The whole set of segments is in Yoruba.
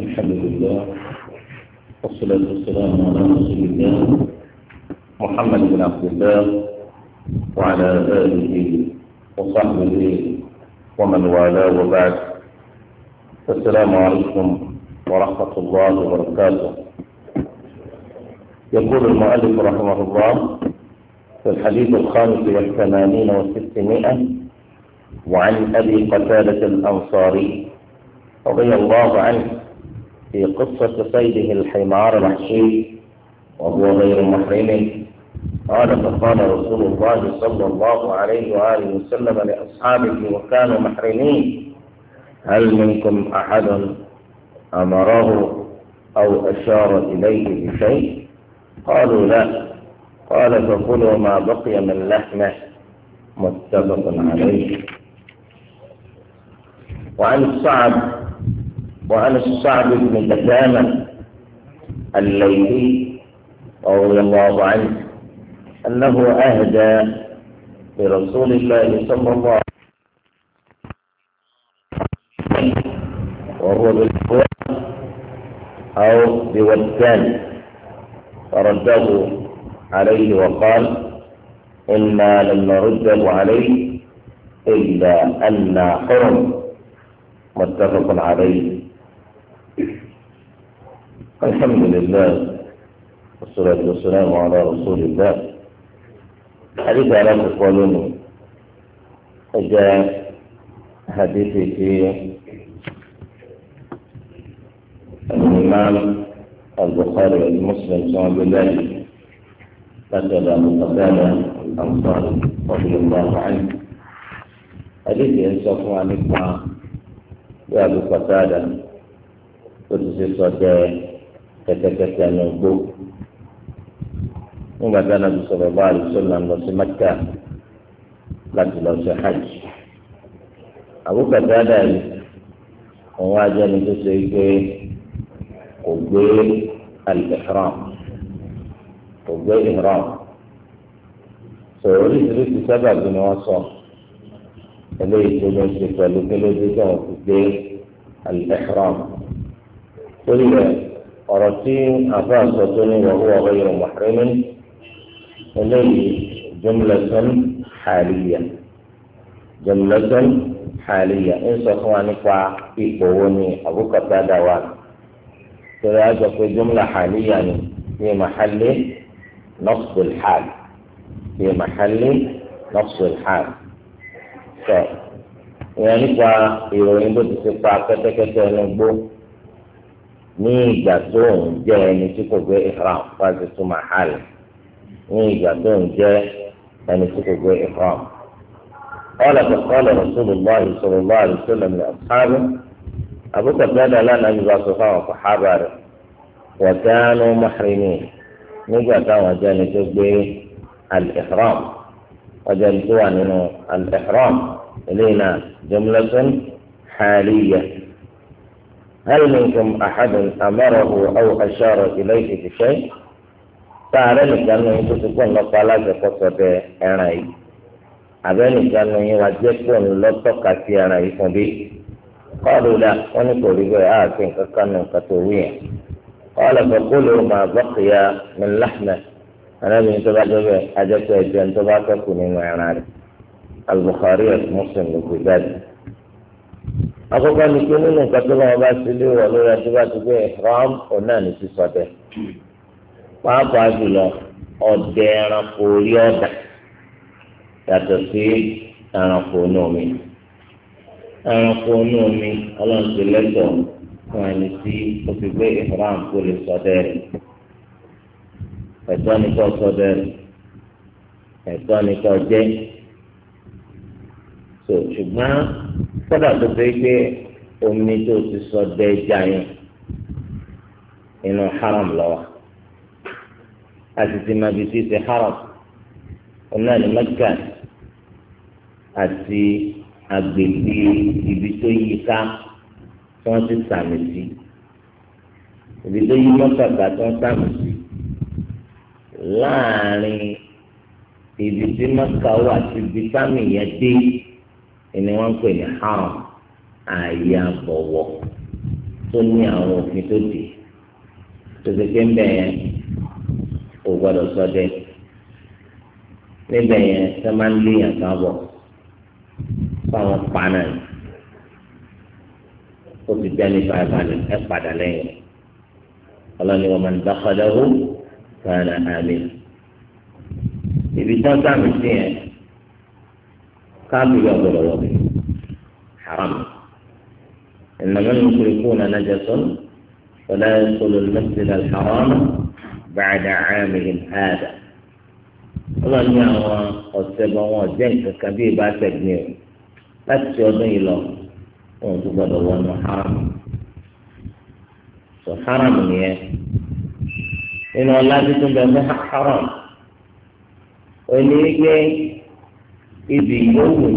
الحمد لله والصلاة والسلام على رسول الله محمد بن عبد الله وعلى آله وصحبه ومن والاه وبعد السلام عليكم ورحمة الله وبركاته يقول المؤلف رحمه الله في الحديث الخامس والثمانين والستمائة وعن أبي قتادة الأنصاري رضي الله عنه في قصة صيده الحمار الوحشي وهو غير محرم قال فقال رسول الله صلى الله عليه وآله وسلم لأصحابه وكانوا محرمين هل منكم أحد أمره أو أشار إليه بشيء قالوا لا قال فكلوا ما بقي من لحمه متفق عليه وعن سعد وعن سعد بن قدامة الليلي رضي الله عنه أنه أهدى لرسول الله صلى الله عليه وسلم وهو بالقوة أو بوتان فرده عليه وقال إنا لن نرده عليه إلا أن حرم متفق عليه الحمد لله والصلاة والسلام على رسول الله حديث على تقولون جاء حديثي في الإمام البخاري ومسلم سواء بالله قتل من قتادة الأنصار رضي الله عنه حديث ينصف عن يا أبو قتادة قدس الصدق kẹtẹkẹtẹ ní ọgbó nígbà tí anabi sọ̀rọ̀ bá àlùsọ náà lọ sí mẹ́kà láti lọ sí hajj àbúkàtà dàrí òun ajá ni tó ṣe pé kò gbé al-ihram kò gbé ihram sọ̀rọ̀ oríṣiríṣi sábà bí wọ́n sọ eléyìí tó ló ń ṣe pẹ̀lú kí ló dé tó ń fi gbé al-ihram torí rẹ̀. ọ̀rọ̀ tí àfáà sọ tó ní wọ́n wọ́n wọ́n yẹn mọ̀hẹ́rẹ́mẹ́ eléyìí jumlatan haliya jumlatan haliya ń sọ fún wa nípa ipò wo ni àbúkọ̀tà dá wa tẹ̀lé àjọ pé jumla haliya ni fi mahalli nafsul hal fi mahalli nafsul hal sọ ìyẹn nípa ìròyìn bó ti ṣe pa kẹ́tẹ́kẹ́tẹ́ ẹnu gbó. ní ìgbà tó ń jẹ ẹni tí kò gbé ihram fáṣí tó máa hàlẹ ní ìgbà tó ń jẹ ẹni tí kò gbé ihram. قال فقال رسول الله صلى الله عليه وسلم لأصحابه أبو قتادة لنا إذا صفاه صحابة وكانوا محرمين نجا وجاني تبي الإحرام وجاني تواني الإحرام إلينا جملة حالية هل منكم أحد أمره أو أشار إليه بشيء؟ تعالى كان يقول لك لا تقص به أبني كان يوجهكم لطقة في أنايكم به قالوا لا ونقول لك آه كان كتوبيا قال فقولوا ما بقي من لحمة أنا من تبعته أجدت أجدت أن تبعته كوني معناه البخاري مسلم في ذلك akọ́kọ́ ni pé nínú nǹkan tó máa bá ṣe lé wọ̀ lórí ẹtí bá ti gbé ìhram ọ̀nà ní sísọ dẹ pàápàá jùlọ ọdẹ ẹranko orí ọ̀dà yàtọ̀ sí ẹranko inú omi ẹranko inú omi ọlọ́run ti lẹ́tọ̀ fún ẹni tí ó ti gbé ìhram kó lè sọ dẹ rẹ ẹ̀tọ́ ni kò sọ dẹ rẹ ẹ̀tọ́ ni kò jẹ́ ṣùgbọ́n kódà tó fẹ́ gbé omi tó ti sọ dẹ́jà yẹn inú haram lọ́wọ́ àti ti máa fi ti ṣe haram ọ̀nà ní Mẹ́kà àti agbègbè ibi tó yí ká tí wọ́n ti sàmì sí ibi tó yí mọ́tàkà tí wọ́n sàmì sí láàrin ibi tí Mẹ́kà wà sí ibi sámì yẹn dé ẹni wọn ń pè ní haram ààyè àbọ̀wọ̀ tó ní àwọn òfin tó dé tòṣe pé ń bẹ̀ yẹn kò gbọdọ̀ ṣọdẹ níbẹ̀ yẹn sẹ́ máa ń léèyàn káàbọ̀ fáwọn pàánà yìí ó ti bẹ́ẹ̀ ní báyìí báyìí ẹ padà lẹ́yìn ọlọ́ni wọn máa ń dákọ̀dá hó kàánà àmì ibi tán sáàmì sí yẹn. káàbìrì ọ̀gbọ̀dọ̀ wọ̀ bẹ́ẹ̀ haram ìnáwó ni kò kó nana jẹ sọ́n wọlé kolo mẹsìlẹ̀ haram bàdà àmìlì hàdà wọ́n ní àwọn ọ̀sẹ̀ bọ̀ wọn jẹ́ nǹkan kan bí ìbá tẹ̀gbìn o láti ọdún yìí lọ wọn tó gbọdọ̀ wọnú haram sọ haram nìyẹn nínú ọlá tuntun bẹ fún haram onígbé. ibi yòówù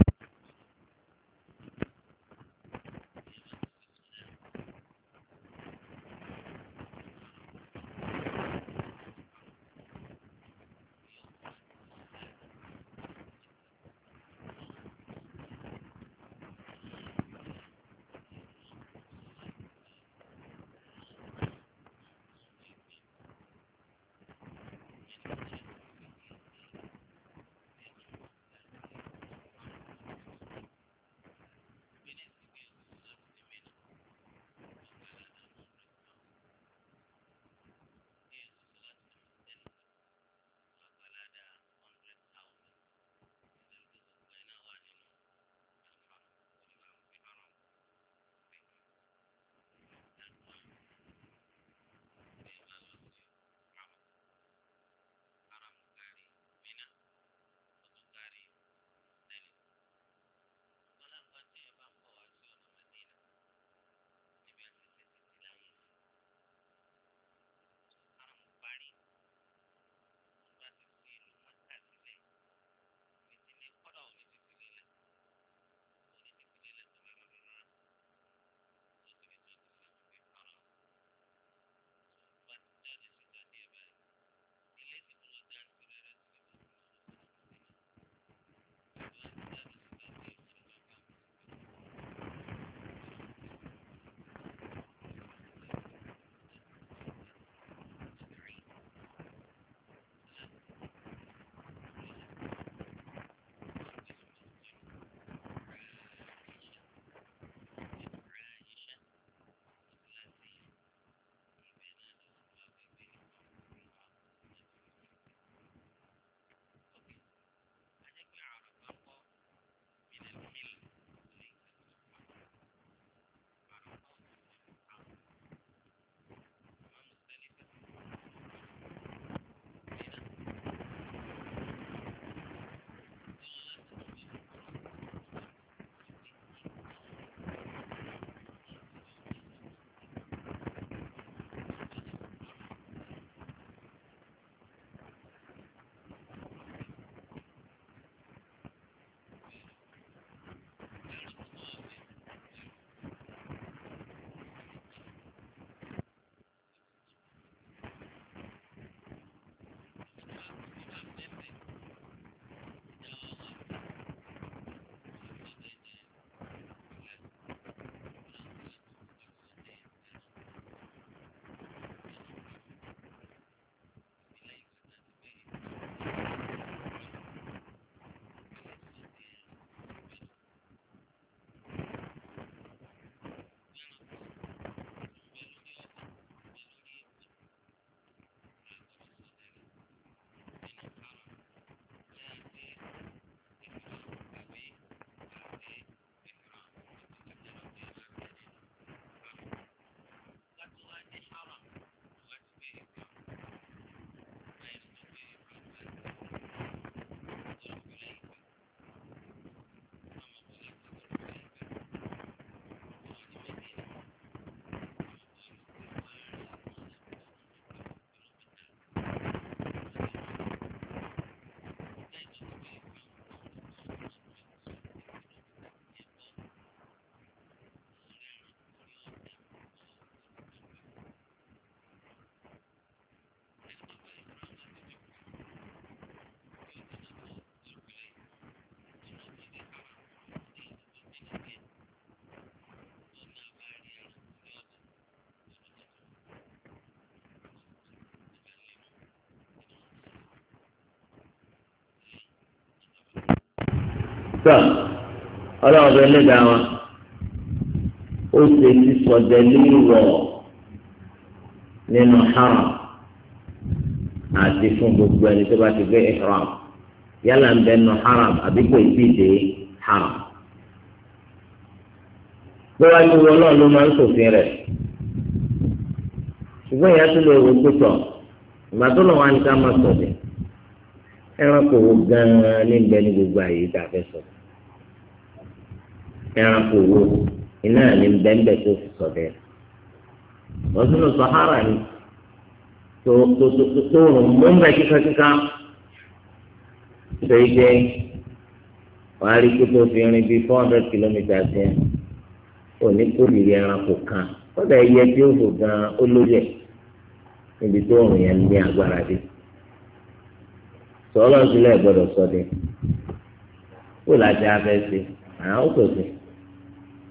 tọ́ ọlọ́run bẹ lẹ́dàá wọn ó ṣe sísọ dẹ́lí wọ̀ nínú haram àti fún gbogbo ẹni tó bá ti gbé ihram yálà ń bẹ nù haram wọn náà ló máa ń ṣùgbọ́n ìyá tó lè wo pípọ̀ ìgbà tó lọ́wọ́ á ní ẹranko wo iná ní bẹ́ńbẹ́ tó fi sọ̀dẹ̀ wọ́n tún lọ sahara ni tó rùn mọ́ńbẹ́ jẹ́ tó fi rin bíi four hundred kilometres yẹn òní kó lè rí ẹranko kan ẹyẹ tí ó fò gan níbi tó rùn yẹn ní agbára dé gbọ́dọ̀ kó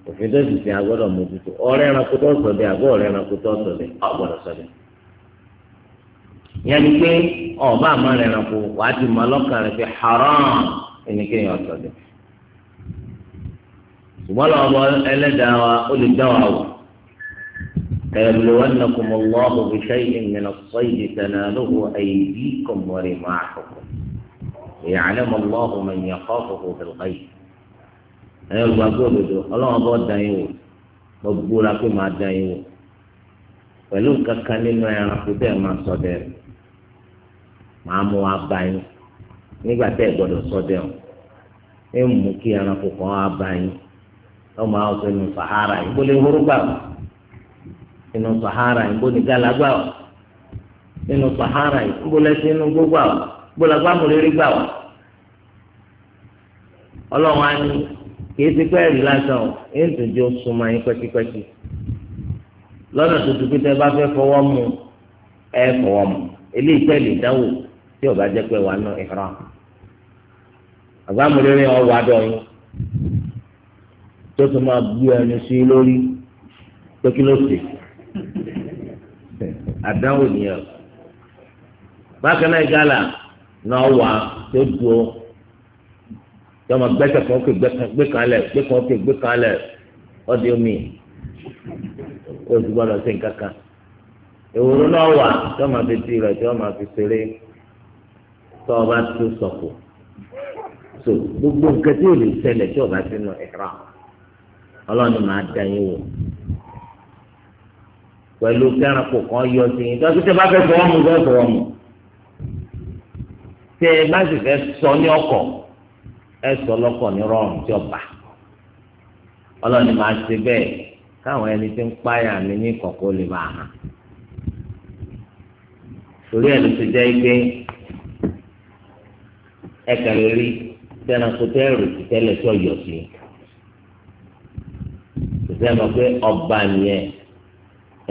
òfin tó sì fi agbọ́dọ̀ mójútó ọ̀rẹ́ ẹranko tó sọdẹ àbọ ọ̀rẹ́ ẹranko tó sọdẹ ọ̀gbọ́dọ̀ sọdẹ. ìyẹn ni pé ọba àmọ́ ẹranko wàá ti mọ ọlọ́kàn rẹ fi haram ẹni kéèyàn sọdẹ. ṣùgbọ́n lọ́wọ́ ẹlẹ́dàá wa ó lè dá wa wò. mọ lọ́wọ́ فيبلونكم الله بشيء من الصيد تناله أيديكم ورماحكم ويعلم الله من يخافه بالغيب ẹ̀yọ́ olùgbàgbọ́ òdodo ọlọ́wọ́n bọ́ dan yín wò mo búra pé ma dan yín wò pẹ̀lú nǹkan nínú ẹranko tẹ́ ẹ máa sọ dẹ́rù màá mú wa bá yín nígbà ẹ mú kí wá yín sọ inú sahara gbà inú sahara gbà inú sahara kì í ti pẹ́ rí lásán o èyí tó jẹ́ súnmọ́ yín pẹ́kípẹ́kí lọ́nà tuntun pé tẹ́ bá fẹ́ fọwọ́ mu ẹ fọwọ́ mu eléyìí tẹ́ lè dáwò tí ó bá jẹ́ pé wà nù ìhran àbámúrẹ́rẹ́ ọwọ́ adọ́yìn tó tún máa gbé ẹni sí lórí pé kí ló ṣe àdánwò nìyẹn bákan náà gàlà náà wà tó dùn ó yọmọ gbẹsẹ kan kò gbẹ kan lẹ gbẹ kan kò gbẹ kan lẹ ọdí omi o ti gbọ́dọ̀ sí nǹkan kan ìwòrán náà wà yọmọ fi ti rẹ tí yọmọ fi ṣeré tọ ọba tó sọkò so gbogbo nǹkan tí o lè ṣẹlẹ̀ tí ọba sínú ìhra ọlọ́ni máa dá yín wò pẹ̀lú kẹ́ranko kan yọ sí yín dókítà bá fẹ́ fọwọ́ mu fẹ́ fọwọ́ mu tẹ bá sì fẹ́ sọ ní ọkọ̀. ẹ̀sọ́ lọ́kọ̀ ní rọrùn tí ọba ọlọ́ni máa ṣe bẹ́ẹ̀ káwọn ẹni tí ń páyà mi ní kọ̀kọ́ lè máa hàn torí ẹ̀ ló ti jẹ́ pé rí tẹ́nakó tẹ́rù tẹ́lẹ̀ tó yọ̀ sí kò sẹ́ni pé ọba nìyẹn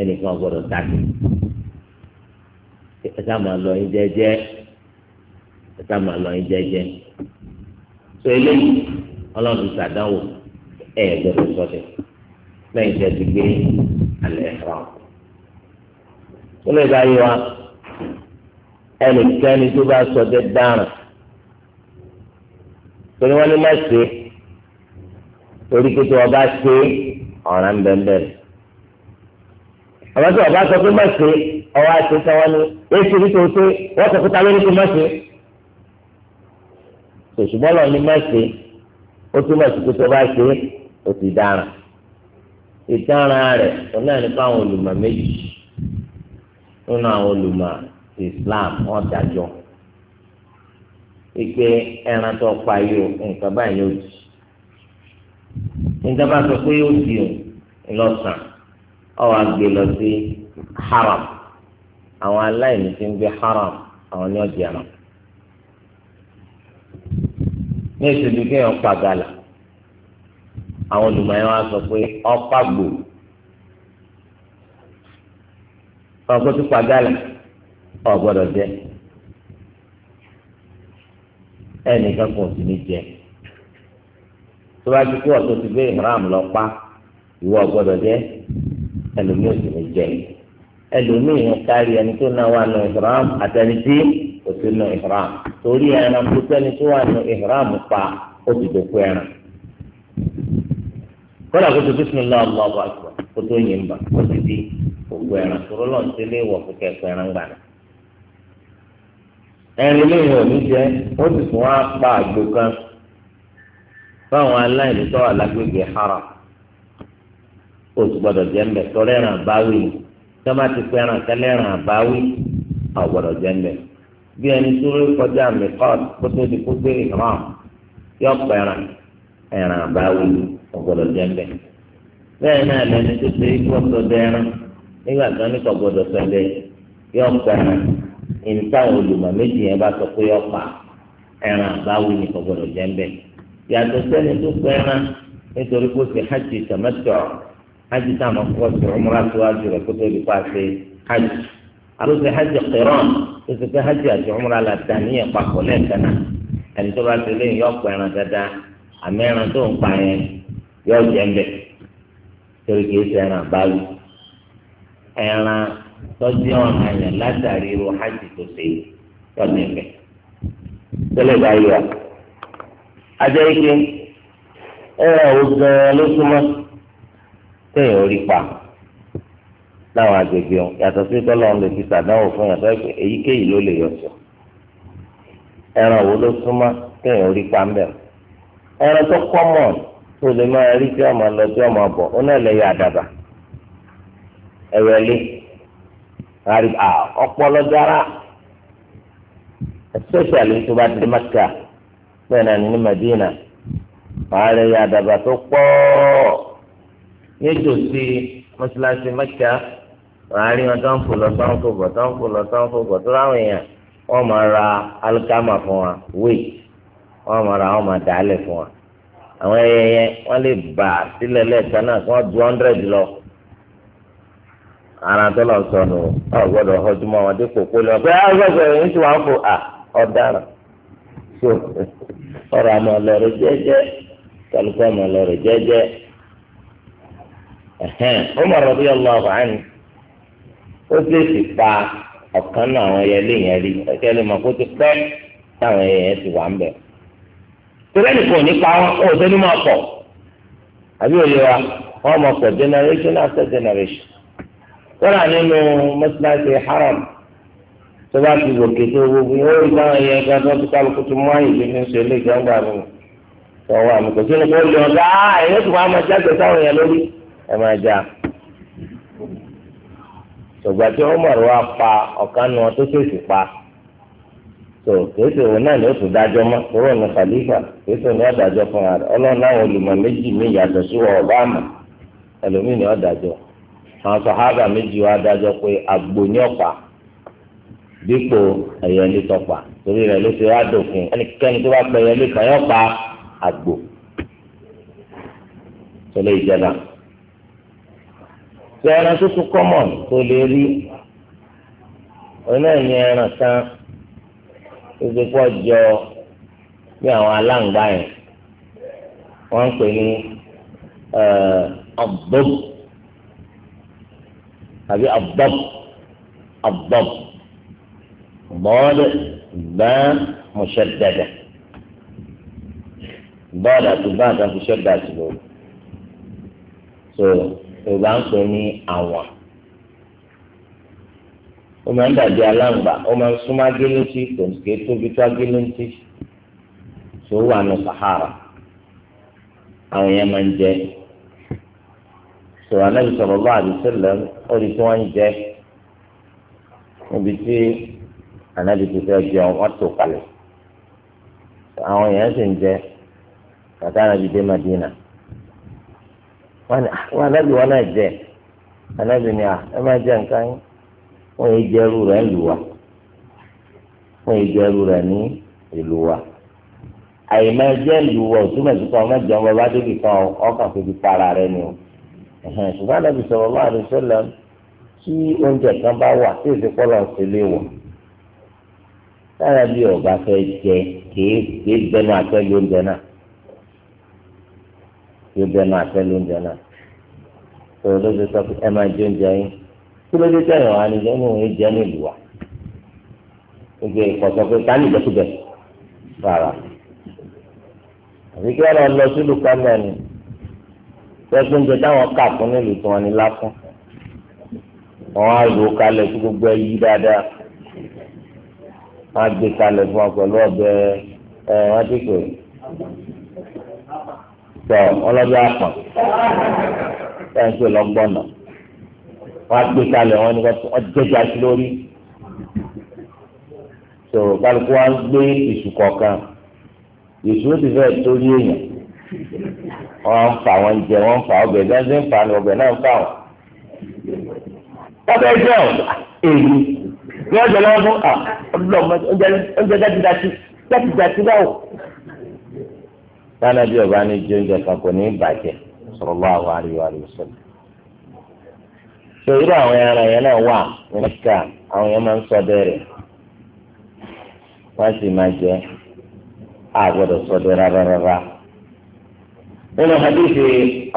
ẹnìkan gbọ́dọ̀ tàbí ẹ̀ka yín sọ eléyìí ọlọ́run ṣàdánwò ẹ̀ gbọ́dọ̀ sọ́dẹ̀ lẹ́yìn tẹ́ ti gbé alẹ́ ẹ̀fọ́ àwọn. ó lè bá yí wa ẹnikẹ́ni tó bá sọdẹ̀ dáràn torí wọ́n ní má ṣe torí pé tí wọ́n bá ṣe ọ̀ràn bẹ́ẹ̀bẹ́ẹ̀. àwọn tí wọ́n bá sọ pé má ṣe ọwọ́ àti sọ́wọ́n ní èsì nítorí pé wọ́n sọ pé ta ló ní kí má ṣe tòṣùbọ́n lọ ní mẹ́sẹ̀ ó túmọ̀ sí pé tó bá ṣe ó ti dáràn ìdáràn rẹ̀ òun náà nípa àwọn olùmọ̀ méjì nínú àwọn olùmọ̀ Islam wọn dájọ́ ìpè ẹran tó pa yìí o nǹkan báyìí yóò di nígbà bá sọ pé yóò di o ńlọsàn ọwọ́ àgbè lọ sí haram àwọn aláìní ti ń gbé haram àwọn ní ọjà náà ní ìṣèlú kéèyàn pa gàlà àwọn olùmọ̀ọ́ wa sọ pé ọ̀pá gbò ọ̀gbọ́n tó pa gàlà ọ̀gbọ́dọ̀ jẹ ẹnìkan kò sì ní jẹ tó bá ti kú ọ̀tọ̀ ti gbé ìmọ̀ràn lọ pa ìwọ ọ̀gbọ́dọ̀ jẹ ẹlòmíì ò sì ní jẹ ẹlòmíì ń kárí ẹni tó náwó àná ìmọ̀ràn àtẹnitì. kò sínú ihram torí ẹran na sẹ́ni tó wà nínú ihram pa ó ti dòkú ẹran kọ́lá kó tó bismillah Allahu akbar kó tó yìn bá kó ti di òkú ẹran sọ̀rọ̀ lọ́n ti lé wọ̀ fún ẹran gbà náà jẹ́ ó sì pa àgbo kan fáwọn aláìní tó wà lágbègbè bí ẹni tó rí kọjá mìkọ́t kó tó di kó gbé ìhàn yọ pẹ̀ràn ẹ̀ràn àbáwí ọ̀gbọ́dọ̀ jẹ́ńbẹ́. bẹ́ẹ̀ náà lẹni tó ṣe ikú ọ̀sọ̀dẹ ẹran nígbà tó ní kọ̀gbọ́dọ̀ sọ̀dẹ yọ pẹ̀ràn ìta olùmọ̀ méjì yẹn bá sọ pé yọ pa ẹ̀ràn àbáwí ni kọ̀gbọ́dọ̀ jẹ́ńbẹ́. yàtọ̀ sẹ́ni tó pẹ̀ràn nítorí kó ṣe hajj tamattu hajj táwọn kọ́ sí umrah síwájú rẹ̀ kó tó àbí ṣe hajj qiran ó ṣe pé hajj àti umra la dà ní ìpapọ̀ lẹ́ẹ̀kan náà ẹni tó bá ti léyìn yọ ọ̀pọ̀ ẹran dáadáa àmì ẹran tó ń pa yẹn yọ jẹ́ mbẹ́ torí kìí ṣe ẹran àbáwí ẹran tọ́jú ọ̀nà yẹn látàrí irú hajj tó ṣe yọ jẹ́ mbẹ́ tẹ́lẹ̀ báyìí wa ajẹ́ ike ẹran ògùn ló tẹ̀yìn orí pa. láwọn agbègbè ọ̀hún yàtọ̀ sí tọ́lọ́ lè fi sàdánwò fún yàtọ̀ ẹgbẹ́ èyíkéyìí ló lè yọ̀sọ̀ ẹran wo ló súnmọ́ kéèyàn rí pàmbẹ́ ẹran tó kọ́mọ̀ tó lè máa rí tí ọmọ lọ tí ọmọ bọ̀ ó náà lè yọ àdàbà ẹ̀wẹ̀lé ọpọlọ dára especially tó bá dé ní Madina wàá lè àdàbà tó pọ̀ nítòsí mọ́ṣáláṣí maka màá rí wọn tó fò lọ fò fò lọ fò tó láwọn èèyàn máa ra alikama fún wa wéè wọn máa ra wọ́n máa dà á lẹ̀ fún wa àwọn ẹyẹ yẹn lè bà náà kí hundred lọ ara tó lọ ọ gbọ́dọ̀ wọn dípò kó lọ pé ẹ ah, tí fò à lọrọ kálukọ lọrọ ẹhẹn ó sì sì pa ọ̀kan náà àwọn ẹyẹlé yẹn rí ẹ̀kẹ́ lè kó ti pẹ́ táwọn ẹyẹ ti wà ń bẹ̀. torí ẹnì ní pa wọn ó máa pọ̀ generation after generation. wọ́n rà nínú mọ́sálásí haram tó bá ti gòkè tó gbogbo yóò rí táwọn ẹyẹ ẹgbẹ́ tó ti kálukú tó mú àyè ṣe ìjọba mi kò kó lè ọ̀gá ẹ̀yẹ́ tó máa ṣùgbọ́n tí Umar wá pa ọ̀kan nu wọn ṣèṣì pa tó kéésì òun náà ni ó tún dájọ́ mọ́ kúrò ní òun ni ó dájọ́ fún ara ọlọ́run láwọn olùmọ̀ méjì mi yàtọ̀ sí wọn ọba àmà ẹlòmíì ni ó dájọ́ àwọn sàhábà méjì wá dájọ́ pé àgbò ní ọ̀pá dípò ẹ̀yẹlé torí rẹ̀ ló wá sọ ẹran tó tún kọ́mọ̀ tó lè rí onáà ní ẹran kan tó ti pọ̀ jọ bí àwọn aláǹgbá yẹn wọ́n ń pè ní ọ̀bọ̀b àbí ọ̀bọ̀b ọ̀bọ̀b bọ́ọ̀dù bẹ́ẹ̀ mọ̀ṣẹ́ dẹ̀dẹ̀ bọ́ọ̀dù àti bá àtàkùn ṣẹ́ dà sí lórí yorùbá ń pè ní àwọn ó máa ń dàbí aláǹgbá ó máa ń súnmọ́ agéléńtì kò ní kéé tóbi tó agéléńtì tó wà ní sahara àwọn yẹn máa ń jẹ sọ̀rọ̀ anábì sọ̀rọ̀ lọ́wọ́ àdìsẹ́lẹ̀ ó di tí wọ́n ń jẹ níbi tí anábì ti fẹ́ jẹun wọ́n tó kalẹ̀ àwọn yẹn sì ń jẹ kàtà anábì dé Madina wọn anábì ah, wọn náà jẹ anábì ni à ah, ẹ má jẹ nǹkan yín wọn yìí jẹ ẹrú rẹ ìlú wa wọn yìí jẹ ẹrú rẹ ní ìlú wa àyìnbá jẹ ìlú wa òtúmọ̀ sí kan mẹ́jọ ọmọ bá débi kan ọkàn fìdí para rẹ ni o ṣùgbọ́n anábì sọ̀rọ̀ lọ́wọ́ àdìsọ́lá tí oúnjẹ kan bá wà tí èsì pọ́lọ̀ ń ṣe léwọ̀ sára bí ọba fẹ́ jẹ kéé gbẹ́nu àtẹ́lẹ̀ oúnjẹ náà yóò bẹnu àtẹ́lẹ̀ oúnjẹ náà tòun ló ti sọ pé ẹ máa jẹ oúnjẹ yín kí ló dé tẹ̀yàn wá níjẹ́ ní òun jẹ́ nílùú wa ìgbé ìkọ̀sọ́ pé ká nìjẹ́ síbẹ̀ rárá àfi kí lọ sílùú kámẹ́ ni pẹ́ẹ́pẹ́ oúnjẹ táwọn kà fún nílùú tí wọ́n ní láfún wọ́n á lò ó kalẹ̀ kí gbogbo ẹ yí dáadáa wọ́n á gbé kalẹ̀ fún ọ pẹ̀lú ọbẹ̀ ẹ̀ wọ́n ti pè é tọ ọlọ́dún àpọ̀ sẹ́yìn lọ́gbọ́nà wọ́n á gbé kalẹ̀ wọn ni wọ́n jẹ́jà sí lórí tó kálukú wa ń gbé ìṣù kọ̀ọ̀kan ìṣù ó ti fẹ́ torí èèyàn wọ́n ń fa wọn jẹ wọ́n ń fa ọbẹ̀ náà ń fa ni ọbẹ̀ náà ń fa wọn. ọbẹ̀ jẹ́ ọ̀ èyí bí wọ́n jẹ lọ́wọ́ fún ọ̀dọ́ ọmọ oúnjẹ dájú dájú dájú dájú báwo. tánà bí ọba ní jẹ oúnjẹ kan kò ní bàjẹ́ sallallahu alaihi wa sallam. sòwúrò àwọn ẹran yẹn náà wà ní àwọn yẹn máa ń ṣọdẹ rẹ̀ wọ́n sì máa jẹ àgbọ̀dọ̀ ṣọdẹ rárá rárá. nínú hadithi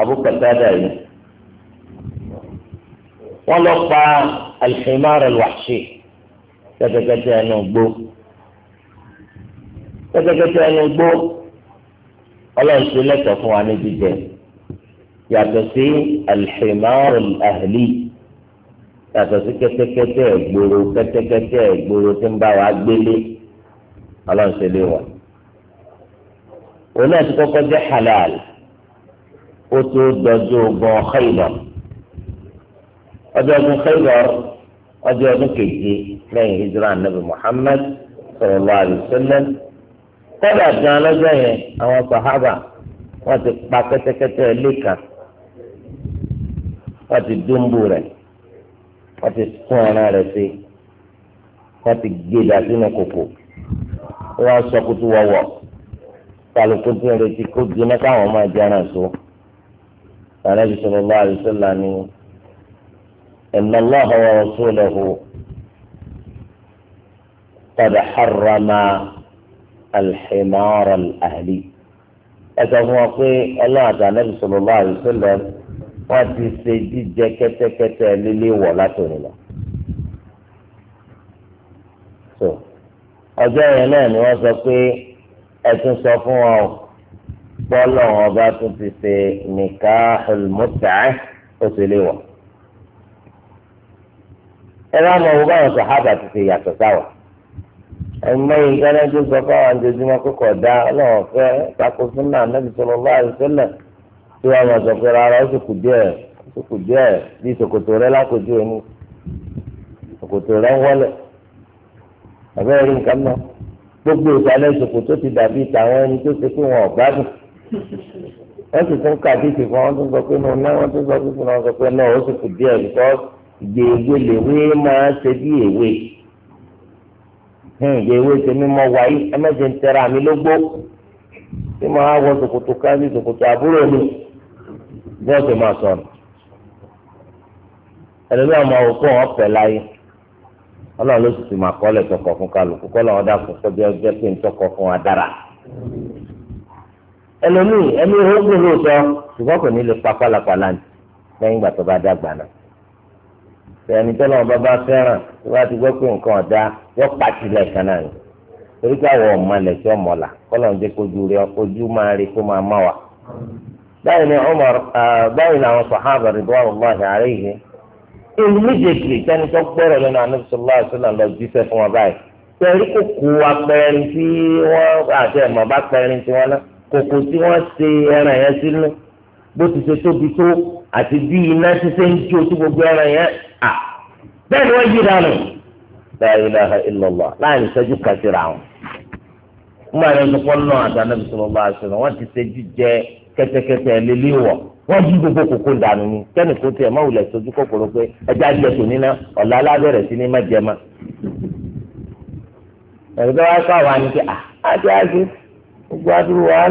Abu yìí wọ́n lọ pa ẹnu gbó ẹnu gbó. ọlọ́run lẹ́tọ̀ fún wa ní jíjẹ yàtọ̀ sí alḥimarul ahli yàtọ̀ sí kẹ́tẹ́kẹ́tẹ́ ẹ̀gbòro kẹ́tẹ́kẹ́tẹ́ ẹ̀gbòro tí ń bá wa gbélé ọlọ́run ṣe lé wa òun náà ti n ba wa gbele olorun le wa onaa ti koko je halal ó tó dọjọ́ ogun Khaybar ọjọ́ ọdún Khaybar ọjọ́ ọdún kejì lẹ́yìn hijrah nabi Muhammad sallallahu alaihi wasallam. kọ́dà gan lọ́jọ́ yẹn àwọn sàhábà wọ́n ti pa kẹ́tẹ́kẹ́tẹ́ lẹ́kàn wọ́n ti dúnbù rẹ̀ wọ́n ti sún ọ̀ràn rẹ̀ sí wọ́n ti gé e dà sínú kòkò wọ́n sọ kutu wọ̀wọ̀ kálukú tí ń retí kó jiná káwọn máa jẹrán so Ànábì sallallahu alaihi wasallam ni inna Allaha wa rasulahu qad harrama alḥimar alahli ẹsẹ fún wọn pé Ọlọ́run àti anabi sallallahu alaihi wasallam wọn ti ṣe jíjẹ kẹ́tẹ́kẹ́tẹ́ lílé wọ̀ látòrí lọ. so ọjọ́ yẹn náà ni wọ́n sọ pé ẹ tún sọ fún wọn bọ́lọ̀ wọn bá tún ti ṣe nikahul mut'ah ó sì lè wọ̀. ẹ bá mọ̀ wọ́n báwọn sàhábà ti ṣe yàtọ̀ sáwà ẹ̀mẹ́yìn gánà tó sọ fáwọn àjọjúmọ́ kókò dá ọlọ́run fẹ́ tako súnà nàbì sọ̀rọ̀ báyìí sílẹ̀ tí wọ́n mọ̀ sọ pé rárá ó sì kù díẹ̀ ó sì kù díẹ̀ bí ṣòkòtò rẹ lákòjú ẹni ṣòkòtò rẹ ń wọlé àbẹ́rẹ́ rí nǹkan náà gbogbo ìsàlẹ̀ ṣòkòtò ti dàbí tàwọn ẹni tó ṣe pé wọn ò gbádùn wọ́n sì tún ka bí ìsìnkú wọn tún sọ pé yẹ̀wé tèmi mọ wáyé ẹ má ṣe ń tẹ̀ra mi lógbó tí mo á wọ ṣòkòtò kábí ṣòkòtò àbúrò mi bí wọ́n ti máa sọnù ẹlẹ́mìí àwọn òkú wọn pẹ̀ láyé ọlọ́run ló sì ti máa kọ́ lẹ̀ tọkọ fún kálukú kọ́ lọ́wọ́ dàpọ̀ kọjá ọjọ́ pé ń tọkọ fún wa dára ẹlẹ́mìí ẹ̀mí ìhóògùn lóòótọ́ ṣùgbọ́n kò ní lè pa pálapàla lẹ́yìn ìgbà tó bá dàgbà náà ẹni tó lọ́wọ́ bá bá fẹ́ràn tó bá ti gbọ́ pé nǹkan ọ̀dá yọ pàtì lẹ́ẹ̀kan náà ni torí pé àwọn ọmọ alẹ̀ tí ọmọ là kọ́lọ̀ ń jẹ́ kojú rẹ ojú máa rí kó máa má wa. báyìí ni Umar báyìí làwọn sàhábà ridwanullahi alayhi immediately tẹni tó gbọ́rọ̀ lẹ́nu anabisọ́lá àṣọlá lọ jíṣẹ́ fún wọn báyìí tẹ̀rí kòkó apẹ̀rin tí wọ́n àti ẹ̀mọ́ bó ti ṣe tóbi tó àti bí iná ṣiṣẹ́ ń jó tí gbogbo ẹran yẹn A. Ah. bẹ́ẹ̀ ni wọ́n yí dànù la ilaha illallah láàrin ìṣẹ́jú kan síra wọn mú àwọn ẹni náà àtàwọn ẹni sọ̀rọ̀ bá a sọ̀rọ̀ wọ́n ti ṣẹ́jú jẹ wọ́n yí gbogbo kókó dànù ni kó má pé jẹ ma.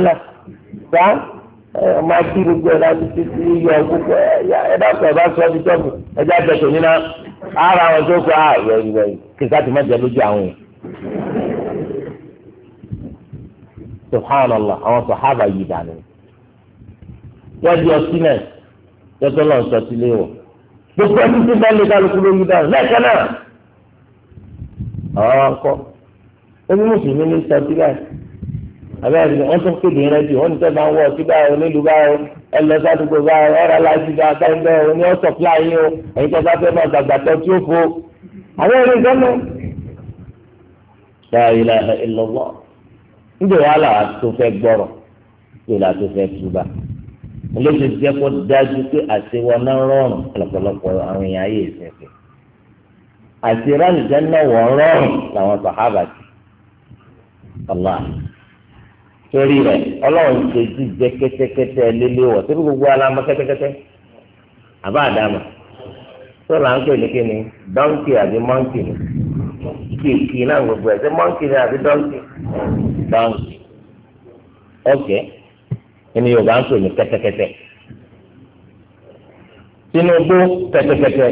àwọn ah, ọmọ akí gbogbo ẹ̀ láti títí yọ gbogbo ẹ̀ dákọ̀ ẹ̀ bá sọ ọdún sọ́ọ̀bù ẹ̀jẹ̀ àtẹ̀tẹ̀ nínú ara wọn tó kọ ààrẹ ah, rẹ̀ kìsà ti má jẹ lójú àwọn yẹn. subhanallah àwọn sàhábà yìí dànù wọ́n di ọtí náà yọtọ́ lọ́n sọ sí lé wọ̀ gbogbo ẹni tí bá lè kálukú ló yí dànù lẹ́ẹ̀kan náà àwọn akọ onímùsùlùmí ní sọ sí báyìí àbẹ́rẹ́ wọn tún kéde yẹn jù wọn nìkan máa ń wọ ọtí báyìí onílù báyìí ẹlẹ sádùúgbò báyìí ọ̀rọ̀ aláìsí bá bẹ́ẹ̀ oní ọ̀sọ̀ fúláyé o ẹ̀yin tẹ́ bá fẹ́ máa gbàgbà tọ́ tí ó fo àwọn ẹ̀rí gánà. La ilaha illallah níbi wàhálà wa tó fẹ́ gbọ́rọ̀ tó la tó fẹ́ túbà olóṣèlú jẹ́ kó dájú pé àṣewọ́n náà torí rẹ̀ ọlọ́run ṣe jíjẹ kẹ́tẹ́kẹ́tẹ́ léléwọ̀ síbi gbogbo alamọ kẹ́tẹ́kẹ́tẹ́ àbá àdámà tó là ń pè ní kíni dọ́ńkì àbí mọ́ńkì ni kìkì náà gbogbo ẹ̀ ṣe mọ́ńkì ni àbí dọ́ńkì dọ́ńkì ọ̀kẹ́ ẹni Yorùbá ń pè ní kẹ́tẹ́kẹ́tẹ́ Tinubu kẹ́tẹ́kẹ́tẹ́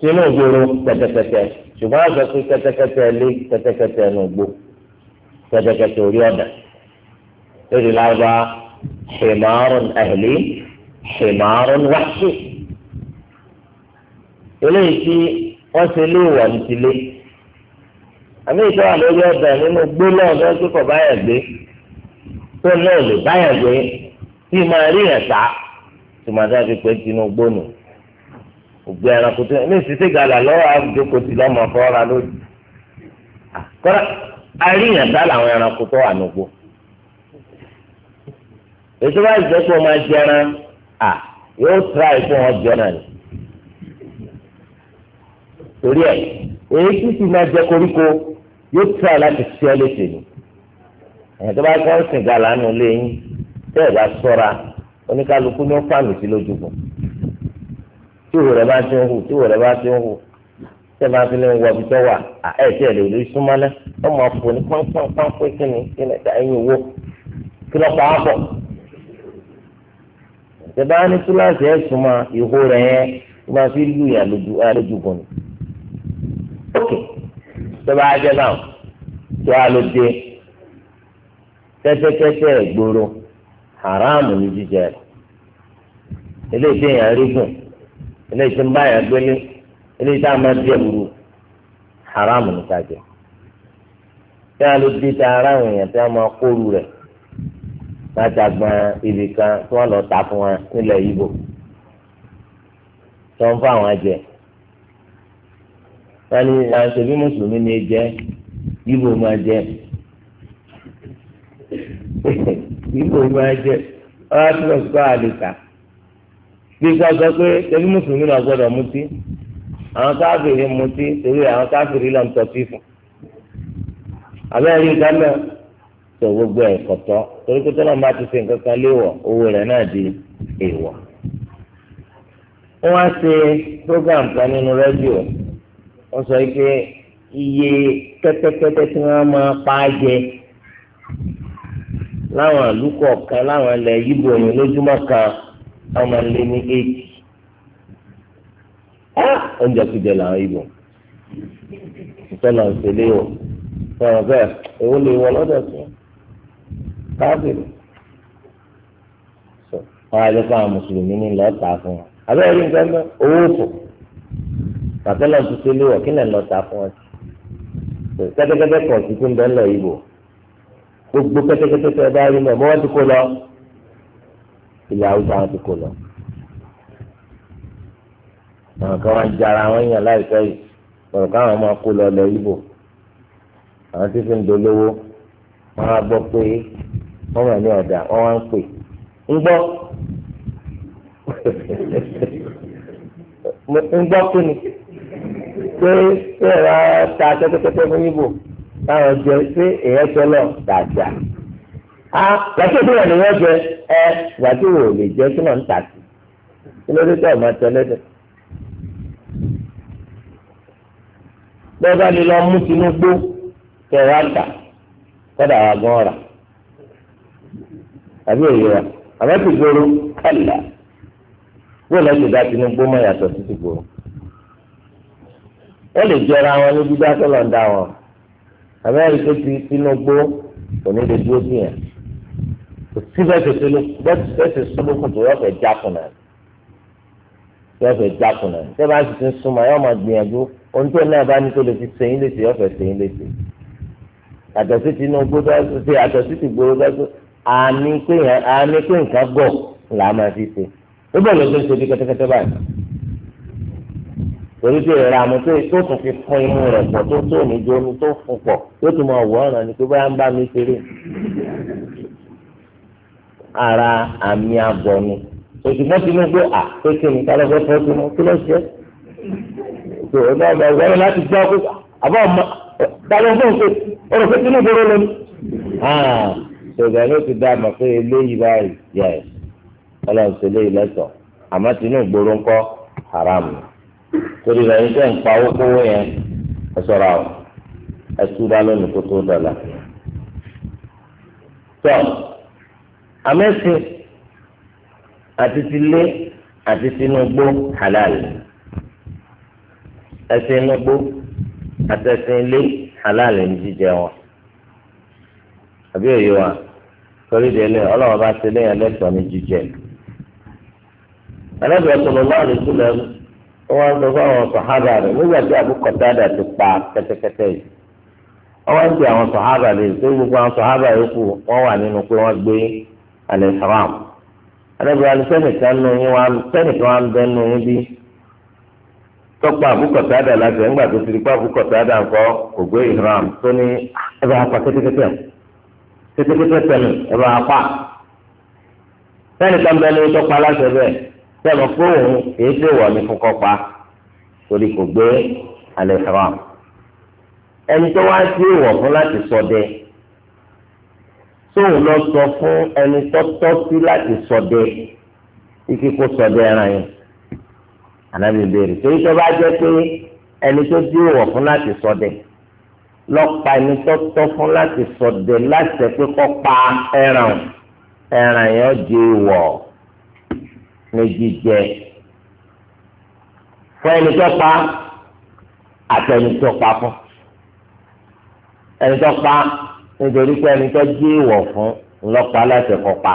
Tinubu kẹ́tẹ́kẹ́tẹ́ ṣùgbọ́n àgbẹ̀ pé kẹ́tẹ́kẹ́tẹ́ lé kẹ́tẹ́kẹ́tẹ́ nù gbogbo kẹtẹkẹtẹ orí ọ̀dà lórí lába himarun ahli himarun wahshi eléyìí tí wọ́n ṣe léèwọ̀ ní tilé àmì ìtọ́ àlórí ọ̀dà nínú gbé náà lọ́wọ́ tó kọ̀ báyà gbé tó náà lè báyà gbé tí màá rí ẹ̀ sá tí màá pé Tinubu nù ògbé ẹranko tó ní ìsísí gàlà lọ́wọ́ àjòkó lọ́mọ fọ́ra lójú àríyànjá làwọn ẹranko tó wà nùgbò ètò bá jẹ kó máa jẹran à yóò tíráì fún wọn jẹ náà ni torí ẹ èyí tí sì máa jẹ koríko yóò tíráì láti fi ọ létè ni ẹ̀yìn tó bá kọ́ ń sìn gàlà nù léyìn bẹ́ẹ̀ bá sọ́ra oníkálukú ní ó fàmì sí lójúbọ̀ tí ìwò rẹ̀ bá ti ń hù tí ìwò rẹ̀ bá ti ń hù tẹ́ẹ̀ bá fi lè wọ ibi tó wà ẹ̀ tí ẹ̀ lè lè súnmọ́ ọmọ ọ̀pọ̀ ní pọ́npọ́n pọ́npọ́n kí ni kí ni ẹ̀yin wo kí lọ́ pa á bọ̀. ìjọba ní kíláàsì ẹ̀ súnmọ́ ìhó rẹ̀ yẹn tí wọ́n fi lù yà lójú gùn ni. ókè ìjọba ajẹ́ náà tó a ló dé kẹ́tẹ́kẹ́tẹ́ ìgboro haramu ní jíjẹ rẹ̀ eléyìí tí èèyàn rí gùn eléyìí tí ń bá yàn gbélé eléyìí tí a máa jẹ buru haramu ní ká jẹ kí a ló dé ta ara àwọn èèyàn tí wọn máa kóru rẹ̀ láti agbọn ibì kan tí wọn lọ ta fún wọn nílẹ̀ Ìgbò tó ń fún àwọn jẹ wọn ni àwọn ṣèbí mùsùlùmí ni jẹ Ìgbò máa jẹ Ìgbò máa jẹ ọlá tí wọn sọ àlùkà bí kò sọ pé ṣèbí mùsùlùmí náà gbọ́dọ̀ mutí àwọn káfíìrì mutí torí àwọn káfíìrì lọ ń tọ́tí fún abẹ́rẹ́ yìí gánà tó gbogbo ẹ̀ kọ̀tọ́ torí pé tọ́lá máa ti fi nǹkan kan léwọ̀ owó rẹ̀ náà di èèwọ̀. wọ́n á ṣe program kan nínú rédíò wọ́n sọ pé iye kẹ́tẹ́kẹ́tẹ́ tí wọ́n máa pa á jẹ láwọn ìlú kọ̀ọ̀kan láwọn ilẹ̀ yíbo yìí lójúmọ́ kan wọ́n máa lé ní eighty. oúnjẹ kújẹ làwọn yíbo tọ́lá ń ṣe léwọ̀ sọ̀rọ̀ bẹ́ẹ̀ èwo lè wọ lọ́dọ̀ tó káàbìrì wọn á jẹ fún àwọn mùsùlùmí ní lọ́ọ̀tà fún wọn abẹ́rẹ́ rí nǹkan mọ́ owó òfò pàtẹ́lọ̀ tó ṣe léwọ̀ kí lẹ́nu lọ́ọ̀tà fún wọn sí kẹ́tẹ́kẹ́tẹ́ kọ̀ sí fún bẹ́ẹ̀ lọ ìbò gbogbo kẹ́tẹ́kẹ́tẹ́ tẹ́ bá rí mọ́ wọ́n ti kó lọ ilẹ̀ haúsá wọn ti kó lọ àwọn kan wọn jara wọn yàn láìpẹ́ yìí ọ̀rọ̀ káwọn máa kó lọ lọ ìbò àwọn tí fi ń dolówó wọn á gbọ́ pé wọn wà ní ọ̀dà wọn wá ń pè ń gbọ́ ń gbọ́ kí ni pé pé ẹ̀rọ ta tẹ́tẹ́tẹ́tẹ́ fún yíbo táwọn jẹ pé èèyàn jẹ lọ dáadáa a lọ́sẹ̀ tó wà nìyẹn jẹ ẹ ìgbà wò lè jẹ kí náà tà sí kí ló dé tó ọ̀ máa tẹ̀lé bẹ́ẹ̀ bá ní lọ mú tinú kẹ wá gbà kọ́dà wà gan ọ̀rà àbí òye wa àbá ti gbòòrò kàlà bóòlù ẹ̀sìn dá Tinubu mọ́ yàtọ̀ sí ti gbòòrò wọ́n lè jọra wọn ní dídá tó lọ́ọ́ da wọn àbá yìí tó ti Tinubu kò ní lè dúró sí yẹn kò sí bẹ́ẹ̀ tó sólókùn tó yọ̀ fẹ́ jákùn náà yọfẹ jákùnà tẹ bá ti súnmọ́ yọọ máa gbìyànjú ohun tó náà bá ní tó lè fi sẹ́yìn létí yọfẹ sẹ́yìn létí yàtọ̀ sí Tinubu dọ́sọ sí yàtọ̀ sí tìgboro dọ́sọ àmì pé àmì pé nǹkan gọ̀ là á máa fi ṣe ó bẹ̀ lọ́jọ́ ṣe bí kẹ́tẹ́kẹ́tẹ́ báyìí torí pé ìrora àmọ́ tó tó tún fi fún imú rẹ̀ pọ̀ tó tó ní jóni tó fún pọ̀ tó tún máa wọ̀ ọ̀ràn ni pé báyà ń bá mi ṣeré ara àmì àbọ̀ ni òṣùpọ̀ Tinubu à pé kí ni kálọ́ fẹ́ fọ́ Tinubu kí ló ṣe é tó náà bẹ̀rẹ̀ láti tàbí ọgbọ́n ṣe ọ̀rọ̀ pé kínní ìgboro lónìí. ṣògbà ló ti dá àmọ́ pé eléyìí báyìí yẹ ọlọ́run ṣe léyìí lẹ́tọ̀ àmọ́ tinú ìgboro ń kọ́ haram torí rẹ̀ ń tẹ̀ ń pa owó kówó yẹn ẹ sọ̀rọ̀ àwọn ẹ túbá lónìí kó tó dọ̀là. tọ́ àmẹ́sìn àti ti lé àti tinú halal ẹ̀sìn inú àtẹ̀sìn ilé halal ń jíjẹ wọn àbí òye wa torí délé ọlọ́wọ́ bá ti léyìn ẹlẹ́tọ̀ọ́ ní jíjẹ. ẹlẹ́bẹ̀ẹ́ sọ̀rọ̀ náà lè túlẹ̀ ó wá ń sọ fáwọn sọ̀hábà nígbà tí ti pa kẹ́tẹ́kẹ́tẹ́ yìí wọ́n wá ń pè àwọn sọ̀hábà gbogbo àwọn sọ̀hábà yòókù wọ́n wà nínú pé wọ́n gbé alẹ́ sàrám ẹlẹ́bẹ̀ẹ́ alẹ́ sẹ́nìkan nù yín sẹ́nìkan tọ́pọ̀ àbúkọ̀tàdà láti ẹ̀ ńgbà tó ti di pa àbúkọ̀tàdà ńkọ́ ògbé ìhram tó ní ẹ bá pa kétékété kétékété tẹ̀lé ẹ bá pa sẹ́ni kan bẹ́ẹ̀ ni tọ́pọ̀ aláṣẹ bẹ́ẹ̀ sẹ́ni kó òun èyí tó wọ̀ ní fún kọ́pa torí kò gbé alẹ́ ìhram ẹni tó wá sí ìwọ̀ fún láti ṣọdẹ tóun lọ sọ fún ẹni tó tọ́ sí láti ṣọdẹ ikú kó ṣọdẹ ẹran yẹn ànábì béèrè torí tó bá jẹ́ pé ẹni tó bí wọ̀ fún láti ṣọdẹ lọ́pa ẹni tó tọ́ fún láti ṣọdẹ láti ẹ̀ pé kọ́ pa ẹran ẹran yẹn di wọ̀ ní jíjẹ fún ẹni tó pa àtẹni tó pa fún ẹni tó pa nítorí pé ẹni tó jí ìwọ̀ fún lọ́pa láti ẹ̀kọ́ pa.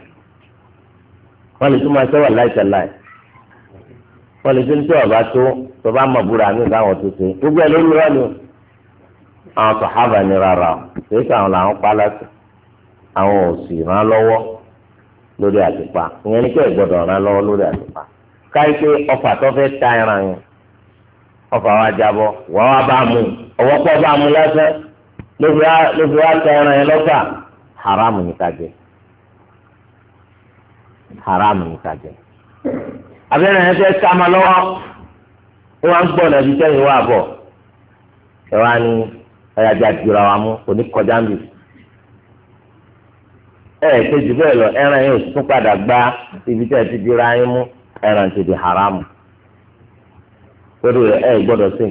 wọ́n lè tún máa ṣẹ́wà láìsẹ̀ láì wọ́n lè tún tí ọba tó tọba mọ̀ búra ní káwọn tó ṣe gbogbo ẹ̀ lórí rọ́ọ̀lù àwọn sọ̀hábà ní rárá o kìí sàwọn làwọn pa láti àwọn ò sì rán lọ́wọ́ lórí àtìpa ìyẹn ní kí ẹ gbọ́dọ̀ rán lọ́wọ́ lórí àtìpa káyí pé ọfà tó fẹ́ ta ẹran yẹn ọfà wa jábọ́ wọ́n wá bá mú ọwọ́ pọ̀ bá mú lẹ́sẹ̀ lóbi wá ta ẹran yẹn lọ́sà haram ní ká haramu ní ká jẹ abẹ́rẹ́ yẹn fẹ́ ká ma lọ́wọ́ ó wá ń gbọ́ ọ̀nà ibi wá bọ̀ ẹ wá ní jura wa mú ẹ ẹ kejì bẹ́ẹ̀ lọ ẹran yẹn ò tún ibi tẹ́ ẹ ti yín mú ẹran ti haramu pẹ̀lú ẹ gbọ́dọ̀ sí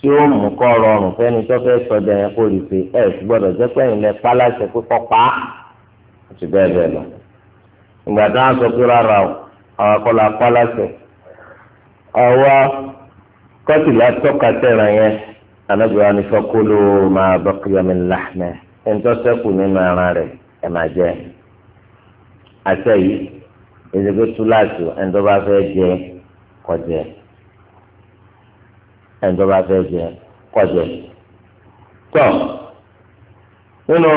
tí ó mú kọ́ rọrùn fẹ́ni tó fẹ́ yẹn kó rí i pé ìgbà tí wọ́n sọ pé rárá o àwọn akọ́lá pálásẹ̀ ọwọ́ kọ́tìlá tọ́ka tẹ̀ràn yẹn anábìyà ni fọ́kúlù máa baqiya min lahmih ẹ̀ńtọ́sẹ́kù nínú ara rẹ̀ ẹ̀ máa jẹ́ àṣẹ yìí ezegbe túláàsì ẹ̀ńtọ́ba fẹ́ jẹ kọjẹ ẹ̀ńtọ́ba fẹ́ jẹ kọjẹ tọ́ nínú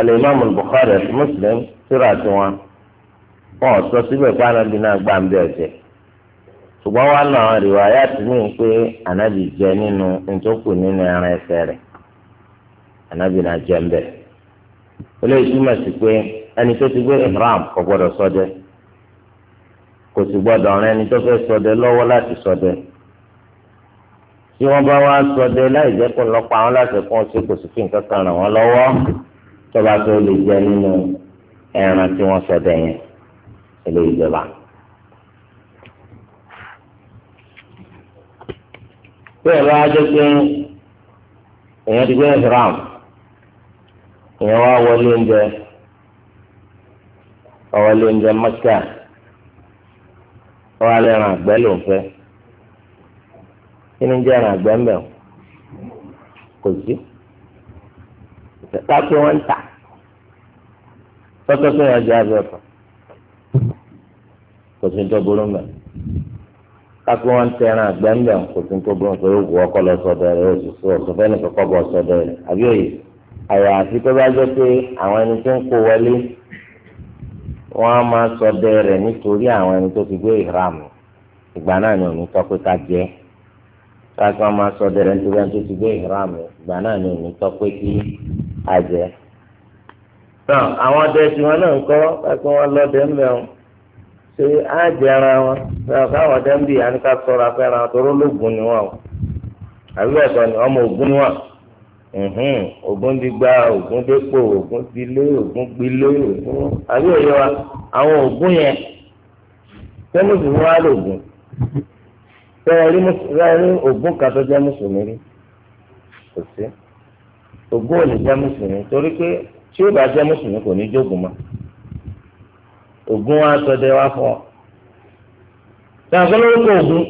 al-Imam bukhari Muslim síra tiwọn wọn ò sọ síbẹ̀ pé anabi náà gbà ń bẹ ọ̀jẹ̀ ṣùgbọ́n wà náà àwọn ìwà ayáàtì mí pé anabi jẹ nínú ntòkù nínú ẹran ẹsẹ̀ rẹ̀ anabi náà jẹ ń bẹ eléyìí túmọ̀ sí pé ẹni tó ti gbé ihram kò gbọdọ̀ ṣọdẹ kò sì gbọdọ̀ ọ̀rẹ́ ẹni tó fẹ́ ṣọdẹ lọ́wọ́ láti ṣọdẹ tí wọ́n bá wá ṣọdẹ láì jẹ́ kó lọ́pọ̀ àwọn láti kó ṣe kò sì fi nǹkan kan ràn wọ́n lọ́wọ́ tó bá tó lè jẹ nínú ẹran tí wọ́n ṣọdẹ yẹn. eléyìí jẹba. bí ẹ bá jẹ pé èèyàn ti gbé ìsìlám èèyàn wá wọlé oúnjẹ wọlé oúnjẹ mọ́tíkà wọ́n á lè ràn àgbẹ̀ ló ń fẹ́ kí ni kò sí kò sí tó burú mẹ kápẹ́ wọn tẹran àgbẹ̀ǹgbẹ̀ kò sí tó burú pé ó wù ọkọ lọ sọdọ rẹ ó sì sọ ọ̀sọ̀ fẹ́ni kọ́kọ́ bọ̀ sọdọ rẹ àbí òye àyàfi tó bá jẹ́ pé àwọn ẹni tó ń kó wọlé wọn á máa sọdọ rẹ nítorí àwọn ẹni tó fi gbé ìhàmù ìgbà náà ni òní tọ́ pé ká jẹ́ káàkiri wọn máa sọdọ rẹ nítorí ẹni tó fi gbé ìhàmù ìgbà náà ni òní tọ́ pé kí á jẹ́. náà àwọn ọdẹ tiwọn náà ń kọ́ káàkiri wọn lọ́dẹ ṣe á ara wọn káwọn dẹ́mbì àníkà sọ̀rọ̀ afẹ́ra tóró lóògùn ni wọn o àbí ẹ̀kọ́ ni ọmọ ògùn ni wọn ògùn ti gba ògùn dépò ògùn ti lé ògùn ògùn àbí òye wa àwọn ògùn yẹn tẹ́lifù wọn á ògùn kan tó jẹ́ mùsùlùmí rí kò sí ògùn ò ní jẹ́ mùsùlùmí tí ó bá jẹ́ mùsùlùmí kò ní ògùn wa sọdẹ wa fọ sàǹkó lórúkọ ògùn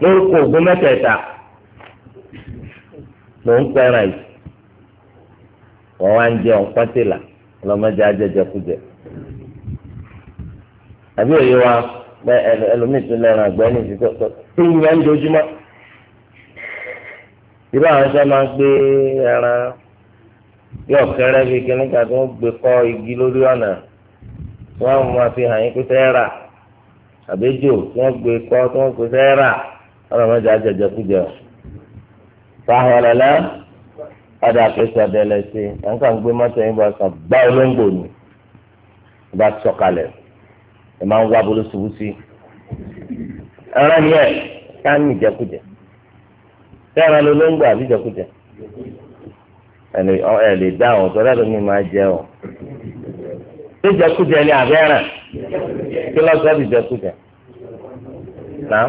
lórúkọ ògùn mẹ́tẹ̀ẹ̀ta ló ń pẹran yìí wọn wá ń jẹ ọpọtìlà ọlọmọdé ajẹjẹkújẹ àbí òye wa ẹlòmíì tún lẹ́ran àgbẹ̀ ní ìsìtọ́ tí ìyẹn ń dojúmọ́ ìbá àwọn sọ máa ń gbé ẹran. yóò kẹrẹ bíi kíní tó ń gbé kọ igi lórí ọ̀nà tí wọ́n mú àti hàn yín pé sẹ́ẹ̀rà àbẹ́jò tí wọ́n gbé kọ tí wọ́n pè sẹ́ẹ̀rà ọ̀nà mẹ́jọ àjẹjẹ kújẹ. fàhọ̀lẹ́lẹ́ ọ̀dà sí i gbé mọ́tò yín bá gbá olóńgbò ni bá sọ̀kalẹ̀ ẹ̀ máa ń wá bolo ṣubú sí i. ká ní ìjẹkújẹ àbí ẹ lè dá ọ tọ́lá tó mi máa jẹ ọ. ṣé jẹkújẹ ni àbẹ́rẹ́ kí lọ́sọ̀ọ́ di jẹkújẹ? náà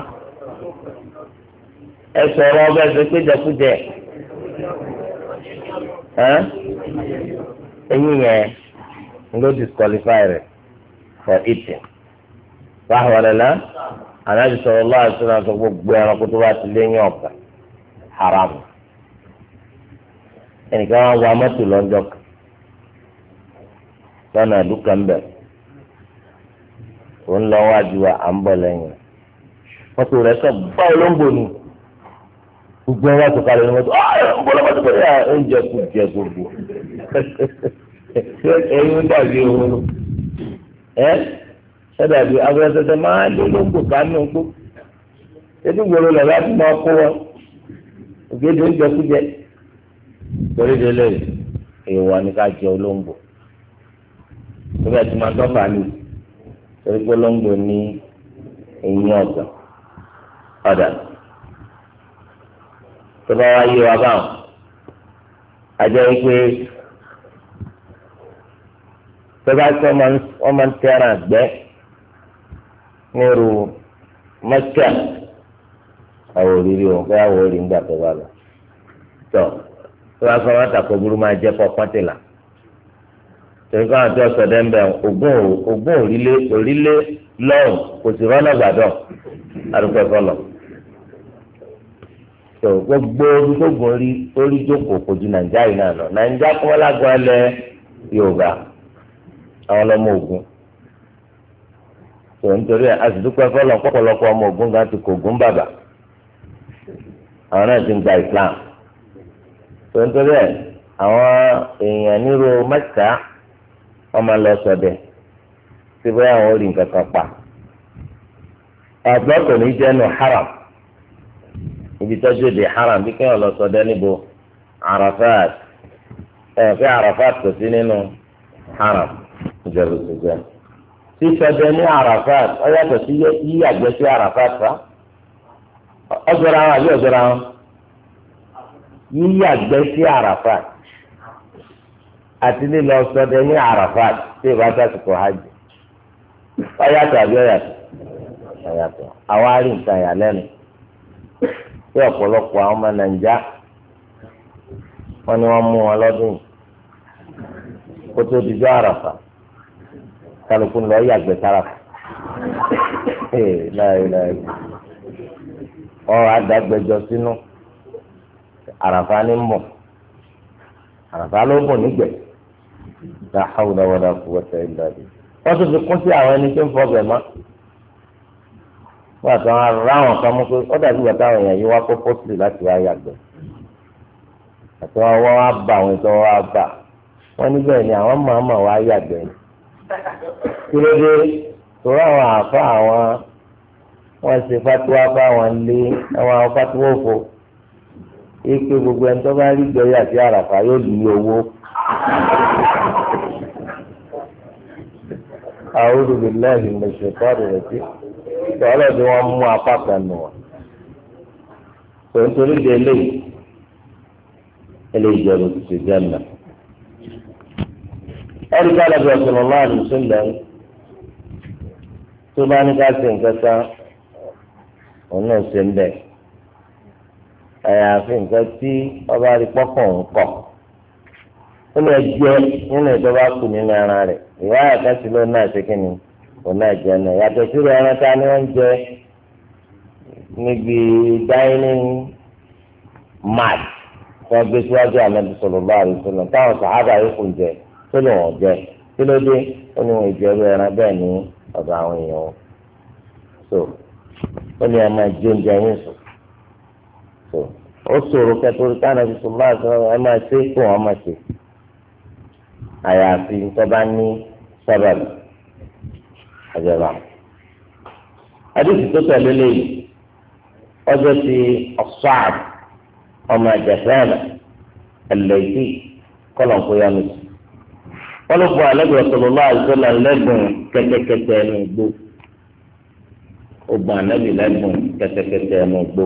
ẹ sọ̀rọ̀ ọgbẹ́ ẹ pé jẹkújẹ ẹyin yẹn ló disqualify rẹ for eating fáwọlẹ́lá anábìsọ̀rọ̀ lọ́wọ́ àti sọ̀rọ̀ gbogbo ẹranko tó bá ti lé ní ọ̀gá haram. ẹnìkan wá wa mọ́tò lọ́jọ́ kan lọ́nà àdúgbò ń bẹ̀ òun lọ wájú wa à ń bọ̀ lẹ́yìn mọ́tò rẹ̀ sọ báwo ló ń bò ní gbogbo ẹwà tó kalẹ̀ ní mọ́tò ah, ọ̀hún ọ̀gbọ́n mọ́tò pẹ̀lú ẹ̀ ń jẹ jẹ gbogbo ẹ̀yin dàbí ooru ẹ̀ ẹ̀ dàbí abẹ́rẹ́sẹ̀sẹ̀ máa lé ló kánú gbó ebi gbòòrò lọ́la tó kó wọn ògèdè ń torí délé èèwọ̀ ni ká jẹ olóńgbò síbẹ̀ tí máa dọ́fà lù torí pé olóńgbò ní eyín ọ̀gbọ̀n ọ̀dà tó bá wá yé wa báwọn àjẹ́ wípé tó bá tí wọ́n máa ń tẹ́ràn àgbẹ́ nírú mẹ́kà àwọn òrìrì òun fẹ́ àwọn òrìrì ń gbà tó bá lọ. tó bá sọ wọn burú máa jẹ́ kọ́ pọ́ntìlà torí kọ́ ogún ogún kò tó gbogbo gbogbo orí orí jókòó kò ju nàìjíríà yìí náà lọ nàìjíríà kọ́ lágbọ́n lẹ yorùbá àwọn ogun tó nítorí pọ̀pọ̀lọpọ̀ ọmọ ogun gan ti tontoli àwọn èèyàn nírò mẹ́ta ọmọ lọ sọdẹ síbẹ àwọn orin nǹkan pa àgbọn kò ní jẹnu haram ibi tọ́jú di haram bí kéèyàn lọ sọdẹ arafat ẹ arafat kò sí nínú haram ìjọba sísọdẹ ní arafat sí sí arafat fa wọn àbí yíyàgbẹ́ sí àràfàt àti lílọ sọdẹ ní àràfàt tí ìbá sàtìkọ hajj ọyàtọ̀ àbí ọyàtọ̀ ọyàtọ̀ àwọn arí nǹkan ìyàlẹ́nu tí ọ̀pọ̀lọpọ̀ àwọn ọmọ nàìjíríà wọ́n ní wọ́n mú wọn lọ́dún kó tó di jọ àràfà kálukú lọ yàgbẹ́ sára ee láyé láyé ọ àdàgbẹjọ sínú àràfà ní mọ̀ àràfà ló mọ̀ nígbẹ̀ la hawla wala quwwata illa billah wọ́n tún fi kún sí àwọn ẹni tó ń fọbẹ̀ mọ́ wọ́n àtàwọn ará àwọn kan mú pé ó dàbí ìgbà táwọn èèyàn yìí wá kó pọ́tìrì láti wá yàgbẹ́ àti wọn wá bá àwọn ètò wọn wá bá wọn níbẹ̀ ni àwọn màmá wá yàgbẹ́ kí ló dé tòrọ àwọn àfa àwọn wọn ṣe fatuwa fáwọn lé àwọn fatuwa òfò. pé gbogbo ẹni tó bá rí gbẹ̀yà sí àràfà yóò owó. A'udhu billahi minash shaitanir rajim tọ́lọ̀ tí wọ́n mú apá kan nù wọ́n. tó ń torí eléyìí eléyìí ti ká ọ̀sán ọ̀la tó bá ní àyàfi nǹkan tí ọba rí pọ́pọ̀ ń kọ̀ ó lè nínú ìjọba kù nínú ẹran rẹ̀ ìwà àyàká sí ló náà ṣe kíni kò náà náà yàtọ̀ ẹran ni wọ́n ń jẹ níbi dining mat wọ́n gbé síwájú táwọn sàhábà yóò jẹ tó lè wọ́n jẹ kí ló dé ó ní wọn ìjẹ́rú ẹran bẹ́ẹ̀ ọ̀dọ̀ àwọn èèyàn tó ó ṣòro kẹtùrú káná tuntun bá sọ ẹ máa ṣe kó wọn máa ṣe àyàfi tó bá ní sábàbí àjọba adéṣì tó tẹ̀lé lẹ́yìn ọjọ́ ti ọ̀ṣọ́àb ọmọ àjẹsẹ́nà ẹlẹ́yìí kọ́lọ̀ kó yá mi sí wọ́n ló fọ àlẹ́gbẹ̀ẹ́ sọ̀rọ̀ lọ́wọ́ àìsọ́lá lẹ́gbọ̀n kẹ́tẹ́kẹ́tẹ́ ẹnu gbó ó gbọ́n lẹ́gbọ̀n kẹ́tẹ́kẹ́tẹ́ ẹnu gbó.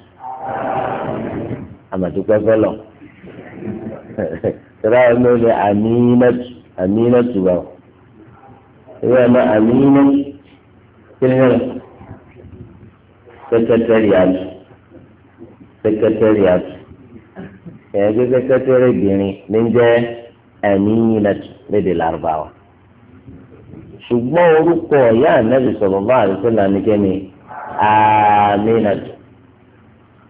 àmàdúpẹ́ fọlọ́ tọ́lá ẹ̀ ló ní àmínẹ́tù àmínẹ́tù wa ìwé ẹ̀ náà àmínẹ́tù kí ni wọ́n sẹ́kẹ́tẹ́rì àtù sẹ́kẹ́tẹ́rì àtù ẹ̀ẹ́dẹ́ sẹ́kẹ́tẹ́rì bìnrin ní jẹ́ àmínẹ́tù lédè lárúbáwá ṣùgbọ́n orúkọ ìyá ànábì sallallahu alaihi wasallam nìkẹ́ni àmínẹ́tù.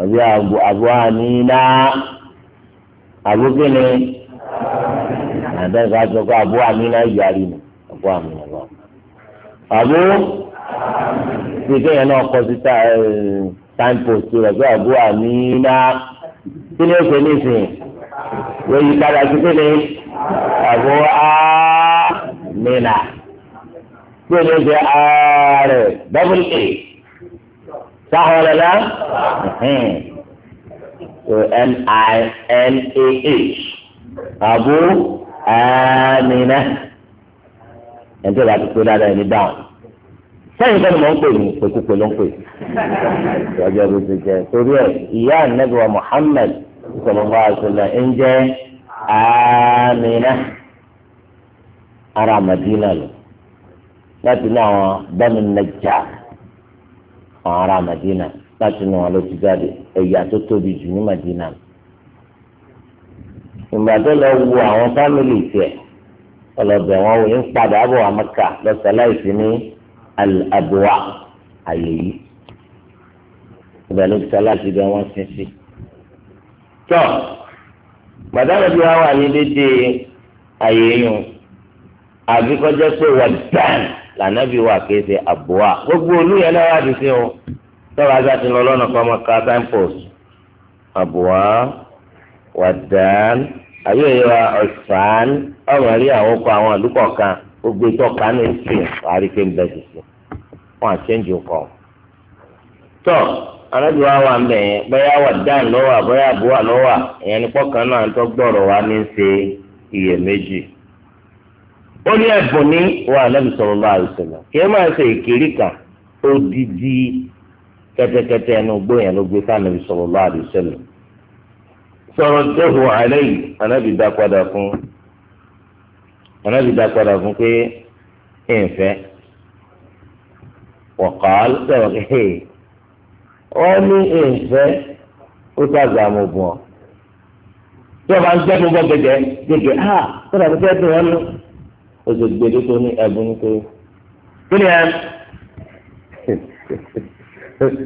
àbí àbò àbò àníná àbò kíni àdáyébá sọ pé àbò àníná ìyàrí ni àbò àníná lọ. àbò tí kéèyàn náà kọ sí time eh, post rẹ̀ pé àbò àníná kí ni ó ṣe nísìnyí wọ́n yí padà sí kíni àbò àníná kí ó ṣe ààrẹ double a sáwọn ọlọlá hmm. so m i n a h abu amina ẹni tó bá ti pé dáadáa ẹni dáhùn sẹ́yìn sẹ́ni mò ń pè ní pèkúpè ló ń pè ọjọ́ bó ti jẹ torí ẹ̀ ìyá ànábì wa sọlọ́mọ àṣọlá ń jẹ́ amina ara Madina lọ láti ní àwọn bẹ́ẹ̀ ni Najjar àwọn ará Madina láti inú wọn ló ti jáde ẹ̀yà tó tóbi jù ní Madina ìgbà tó lọ wo àwọn fámìlì tiẹ̀ ọlọ́bẹ̀ wọn ò ń padà bọ̀ àmọ́kà lọ́sẹ̀ láìsí ní àbúwá àyè yìí ìgbà ló ti sọ láti bẹ wọn sí sí. tọ́ gbàdáwọ̀ bí wọ́n wà ní dédé àyè yìí àbíkọ́jọ́ pé wọ́n dáná lànàbí wà kéde àbúwà gbogbo olúyẹn náà wà dùn sí o tọ́ba ajá ti lọ lọ́nà kan ọmọ ká signpost àbúwà wàdán àbí ìyá ọ̀sán ọmọ rí àwọn ọkọ̀ àwọn àdúgbò kan gbogbo ìtọ́ka ní ìsìn wàá rí pé ń bẹ sísè wọn àṣẹ́ǹjì kọ̀ tọ́ alábi wa wà mbẹ yẹn bóyá wà dán àbúwà lọ́wọ́ ìyẹn ní pọ́kàn náà ń tọ́ wa ní í ṣe iyèméjì ó ní ẹ̀bùn ní wa Nabi sallallahu alaihi wasallam kí ẹ máa ṣe ìkiri kan odidi kẹtẹkẹtẹ ẹnu gbó yẹn ló gbé fáànàbì sallallahu alaihi wasallam sọ̀rọ̀ dẹ́hùn àlẹ́ yìí anábì dá padà fún anábì dá padà fún pé ẹ ń fẹ́ wọ̀kàl sọ̀rọ̀ ẹ̀ wọ́n ní ẹ ń fẹ́ ó sàgbà mọ̀ bùn ọ́ tí wọ́n bá ń gbẹ́dùn bọ́ gẹ́gẹ́ gẹ́gẹ́ ah sọ̀rọ̀ àti dùn ọ́ nù ó sì gbèdé tó ní ẹ̀bùn ní pé kí ni ẹ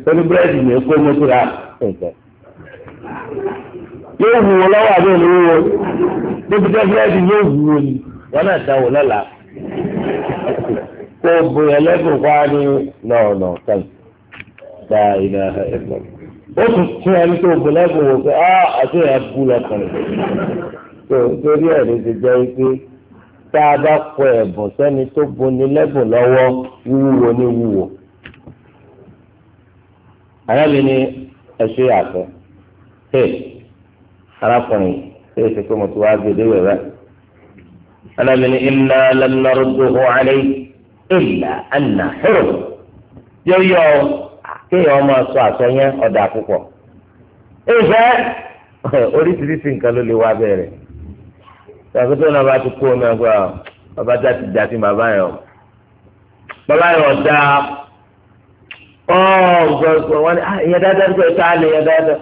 tóní búrẹ́dì ní ekó mọ́tò rà nǹkan yóò wù wọ́n lọ́wọ́ àbí òní wúwo débi tẹ́ búrẹ́dì yóò wù wọ́n ni wọ́n náà dá wò lọ́la kó o bòyàn lẹ́bùn wá ní nọ̀ọ̀nọ̀ kan gba iná ẹ̀fọ́ ó tún tún ẹni tó bò lẹ́bùn wò pé á ah, àti ẹ̀ bú lọ́kùnrin tó torí ẹ̀ ló ti jẹ́ pé tá a bá kọ ẹ̀bùn sẹ́ni tó boni lẹ́bùn lọ́wọ́ wúwo ní wúwo. arábìnrin ni ẹ ṣe àtọ ṣe arákùnrin ṣe é ṣe pé mo ti wá gbé e déwèé rẹ. arábìnrin ni iná lẹ́nàrú dùnkù alẹ́ ìlà àná hẹ́rọ yóyọ ah, kéèyàn máa sọ àsọyẹn ọ̀dà púpọ̀. ìfẹ́ oríṣiríṣi nǹkan ló lè wá bẹ̀rẹ̀ tàbítọ́ náà bá ti kó omi ọgbà bàbá dá ti dá sí bàbá yẹn o bàbá yẹn ọ̀dà ọ̀ gbọ̀ngbọ̀n wọn ni ah, ìyẹn dáadáa tó ta lè yẹn dáadáa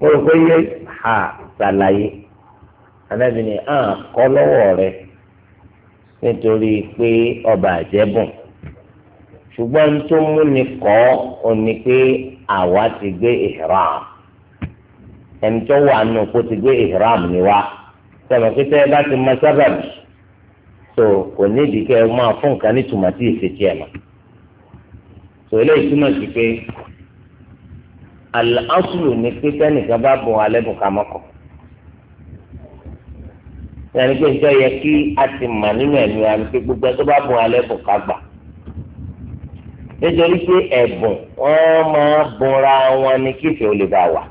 mo rò pé yé ha ṣàlàyé anábì ni hàn kọ́ lọ́wọ́ rẹ nítorí pé ọba àjẹbùn ṣùgbọ́n tó múni kọ́ ọ ni pé àwa ti gbé ìhram ẹni tó wà nù kó ti gbé ìhram ni wá sọ̀rọ̀ pé tẹ́ ẹ bá ti mọ sábàbí tó kò nídìí kẹ́ ẹ máa fún nǹkan ní tòmátì ìfètì ẹ̀ mọ́ tó eléyìí túmọ̀ sí pé àlàásùlù ni pé tẹ́nìkan bá bọ̀ alẹ́ bùkà mọ́kọ̀ yàrá pé njẹ́ yẹ kí a ti mà nínú ẹ̀mí wa ni pé gbogbo ẹ̀ tó bá bọ̀ alẹ́ bùkà gbà nítorí pé ẹ̀bùn wọ́n máa bọra wọn ni kífẹ́ ò lè bá wà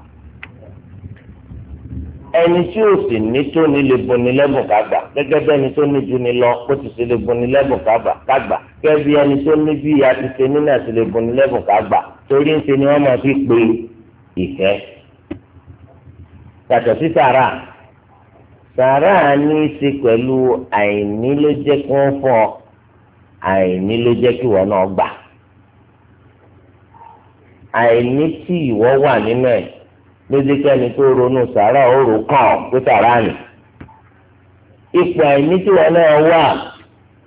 ẹni tí ó sì ní tó ní lè buni lẹ́bùn kàgbà gẹ́gẹ́ bí ẹni tó ní ju ni lọ kó ti ṣe lè buni lẹ́bùn kàgbà gẹ́gẹ́ bí ẹni tó ní bí ìyá ti ṣe nínà sí lè buni lẹ́bùn kàgbà torí ń ṣe ni wọ́n máa fi pe ìfẹ́. yàtọ̀ sí sàrà sàrà ní í ṣe pẹ̀lú àìní ló jẹ́ kí wọ́n fún ọ àìní ló jẹ́ kí wọ́n náà gbà àìní tí ìwọ wà nínú ẹ̀ lójú kí ẹni tó ronú sàrà òru kàn pé sàrà nì ipò àìní tí wọn náà wà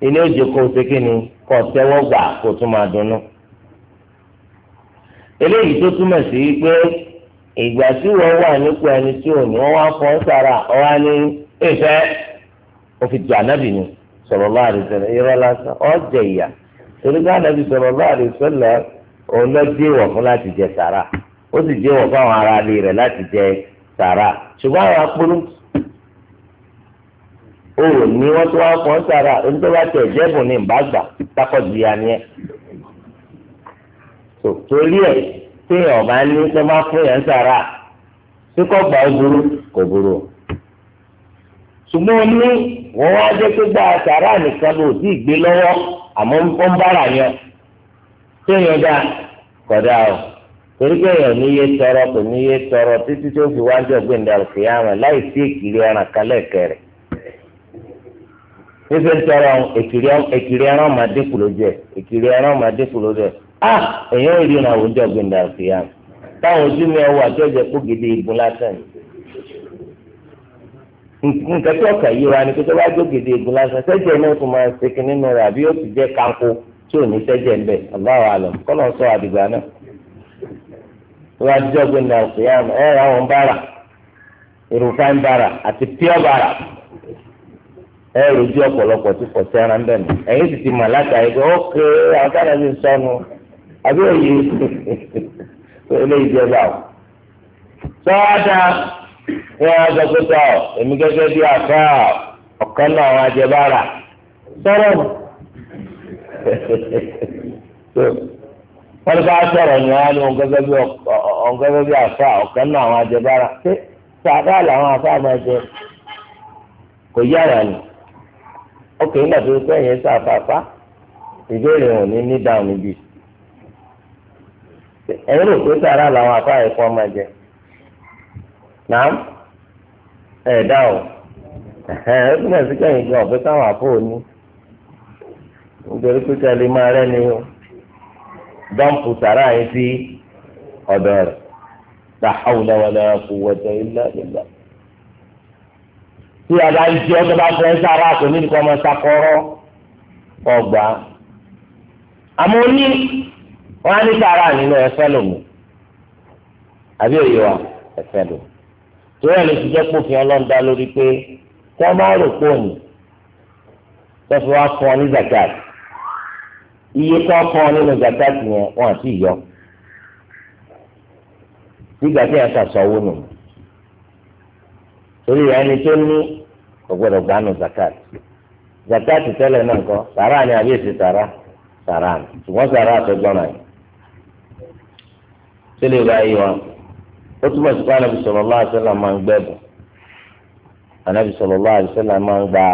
ilé ni kò tẹ́wọ́ gbà kó tún máa dunnú eléyìí tó túmọ̀ sí pé ìgbà tí wọ́n wà nípò ẹni tí ò ní wọ́n wá fọ́ ní ìfẹ́ ànábì ni sallallahu alaihi wasallam irọ́ lásán ọ̀jẹ̀ ìyà torí ká ànábì sallallahu alaihi òun dé wọ̀ fún láti ó sì jẹ́ wọ̀ fáwọn ará ilé rẹ̀ láti jẹ sàrà ṣùgbọ́n àwọn akpọ́nú o ni wọ́n tó wá sàrà oníṣẹ́ bá tẹ̀ ya torí ẹ̀ téèyàn bá ní tó bá fún yẹn sàrà tí kò gbà ó burú kò burú ṣùgbọ́n ní wọ́n wá jẹ́ pé gba sàrà nìkan ló ti gbé lọ́wọ́ àmọ́ ń bára yẹn téèyàn dá kọ̀dá o. torí pé èèyàn ní yé tọrọ kò ní yé tọrọ títí tó fi wájú ọgbìn dàrúkì yàrá láì sí èkìrí ọ̀ràn kálẹ̀ tọrọ èkìrí ẹran máa dínkù lójú ẹ èkìrí ẹran máa dínkù lójú ẹ á èèyàn ò rí ìrìn àwùjọ ọgbìn dàrúkì táwọn ojú mi gidi ìbùn lásán nǹkan tó wa ni lásán náà tó kanko tí ò ní ń sọ tó bá jọ gbẹndà ẹ ẹ àwọn bára ati ń bára àti pure bára ẹ rojú ọ̀pọ̀lọpọ̀ tó pọ̀ sí ara ń bẹ nù sì ti mọ̀ látàrí pé ó àwọn ti sọnù àbí òye eléyìí jẹ wọ́n bá sọ̀rọ̀ ní wọn ní òun bí àfa ọ̀kan náà àwọn ṣé làwọn máa jẹ kò tó ìbéèrè wọn ní ní dáhùn níbí ẹ̀yìn rò pé làwọn ẹ̀kọ́ máa jẹ ẹ̀ dáhùn túnbọ̀ sí kẹ́yìn gan dọ́ǹpù sàrà yẹn sí ọ̀dọ̀ rẹ̀ la hawla wala quwwata illa billah. tí a bá ń jẹ́ ọjọ́ bá fẹ́ sàrà kò ní nìkan ọmọ sakọ́rọ́ ọgbà. àmọ́ ní wọ́n á ní sàrà nínú ẹ̀fẹ́ lòmù àbí òye wa ẹ̀fẹ́ lòmù. torí ẹ̀ ló ti jẹ́ pófin ọlọ́ńdá lórí pé kí wọ́n má rò pé òní tó fi wá fún ọ ní zakat iye tó kọ́ nínú zakati yẹn wọ́n àti yọ nígbà tí yẹn sàṣọwó nù torí ẹni tó ní kò gbọdọ̀ gbanú zakati zakati náà sàrà ni àbí èsì sàrà sàrà ni ṣùgbọ́n sàrà náà wọn ó túmọ̀ sí pé anabi máa ń gbẹ́bùn anabi máa ń gba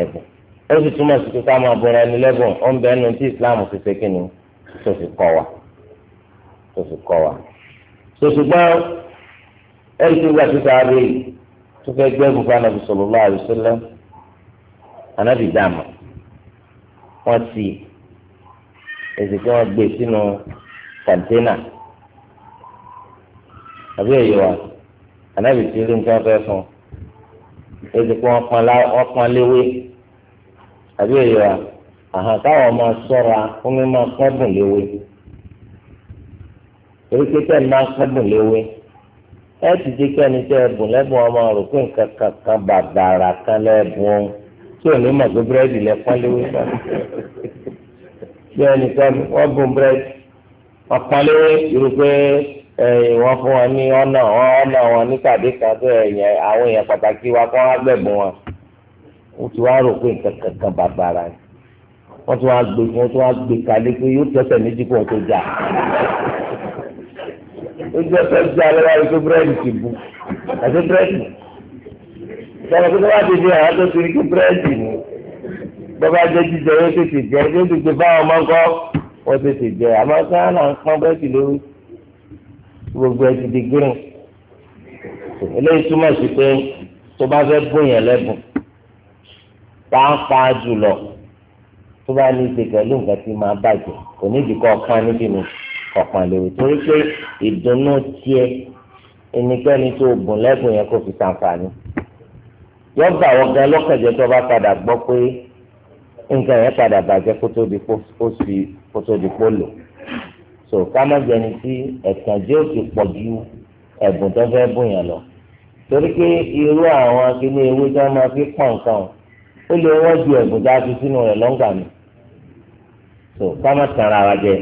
ẹ̀bùn. ó sì túmọ̀ sí pé ká máa bọ̀rọ̀ ẹni lẹ́bùn ó ń bẹ tí islam fi ṣe kíni tó fi kọ́ wa tó fi kọ́ wa. sòṣùgbọ́n ẹni tó gbà títà rí tó fẹ́ gbé ẹ̀bùn anabi sallallahu alaihi wasallam anabi dàmà wọ́n ti èsì kí wọ́n gbé e sínú kọ̀ńténà àbí èyí wa anabi ti rí nǹkan fẹ́ fún èsì kí wọ́n pọn léwé. àbí èyí wa àhàn káwọn máa sọ́ra fún mi máa kẹ́dùn léwe torí pé tẹ́ ẹ máa kẹ́dùn léwe ẹ ti di kẹ́ni tẹ́ ẹ bùn lẹ́bùn rò pé nǹkan kankan bàbàrà kan lẹ́bùn tí ò wọn ní ọ̀nà ọ̀nà wọn wọ́n ti wá rò pé nǹkan kankan bàbàrà ni wọ́n ti wá gbé wọ́n ti wá gbé kalẹ̀ pé yóò tẹ̀sẹ̀ méjì kó o tó jà ó jẹ́ fẹ́ jà lọ́wọ́ àti búrẹ́dì ti bu àti búrẹ́dì sọ̀rọ̀ pé wọ́n ti di àwọn tó ti rí kí búrẹ́dì ni bọ́bá jẹ́ jíjẹ yóò tètè jẹ́ yóò tètè bá ọmọ ńkọ́ wọ́n tètè jẹ́ àmọ́ sáánà ń pọ́n búrẹ́dì lórí gbogbo ẹ̀ ti di gírìn eléyìí túmọ̀ sí pé tó bá fẹ́ bóyá lẹ́bùn pàápàá jùlọ tó bá ní ṣe pẹ̀lú nǹkan tí máa bàjẹ́ kò ní ìdíkọ́ ọ̀kan níbi ni ọ̀kan lè wò torí pé ìdùnnú tiẹ̀ ẹnikẹ́ni tó gùn lẹ́gùn yẹn kò fi ṣàǹfààní yọba àwọn gan lọ́kànjẹ́ tó bá padà gbọ́ pé nǹkan yẹn padà bàjẹ́ kó tó di kó fi tó di kó lò so kámẹ́jẹni tí ẹ̀tànjẹ́ ò ti pọ̀ ju ẹ̀bùn tó fẹ́ bùn yẹn lọ torí pé irú àwọn akíní ewé tí máa fi pọ̀ nǹkan o ó lè wọ́n ju ẹ̀bùn tá a fi sínú rẹ̀ lọ́ngbà mi tó kámá tàn ara jẹ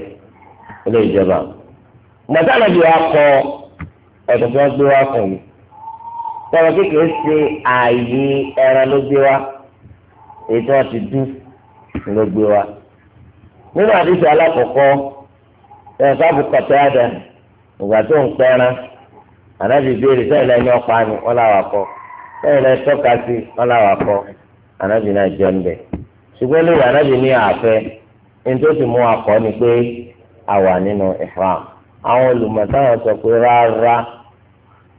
ó lè jẹba gbàtà náà bí wàá kọ ẹ̀bùn tó ń gbé wá fún mi tọ́wọ́ kékeré ṣe ààyè ẹran ló gbé wá èyí tí wọ́n ti dú ló gbé wá nínú àdìsí alákọ̀ọ́kọ́ ẹ̀ka bùkọ̀tẹ́ àdá ìgbà tó ń pẹ́ran ànábì béèrè sẹ́yìn lẹ́yìn ọ̀pá ni wọ́n làwà kọ́ sẹ́yìn lẹ́yìn tọ́ka sí wọ́n làwà kọ́ anábì náà jọ ń bẹ̀ ṣùgbọ́n lórí anábì ní àfẹ́ nítorí tí mo akọ ni pé a wà nínú ihram àwọn olùmọ̀táwọn sọ pé rárá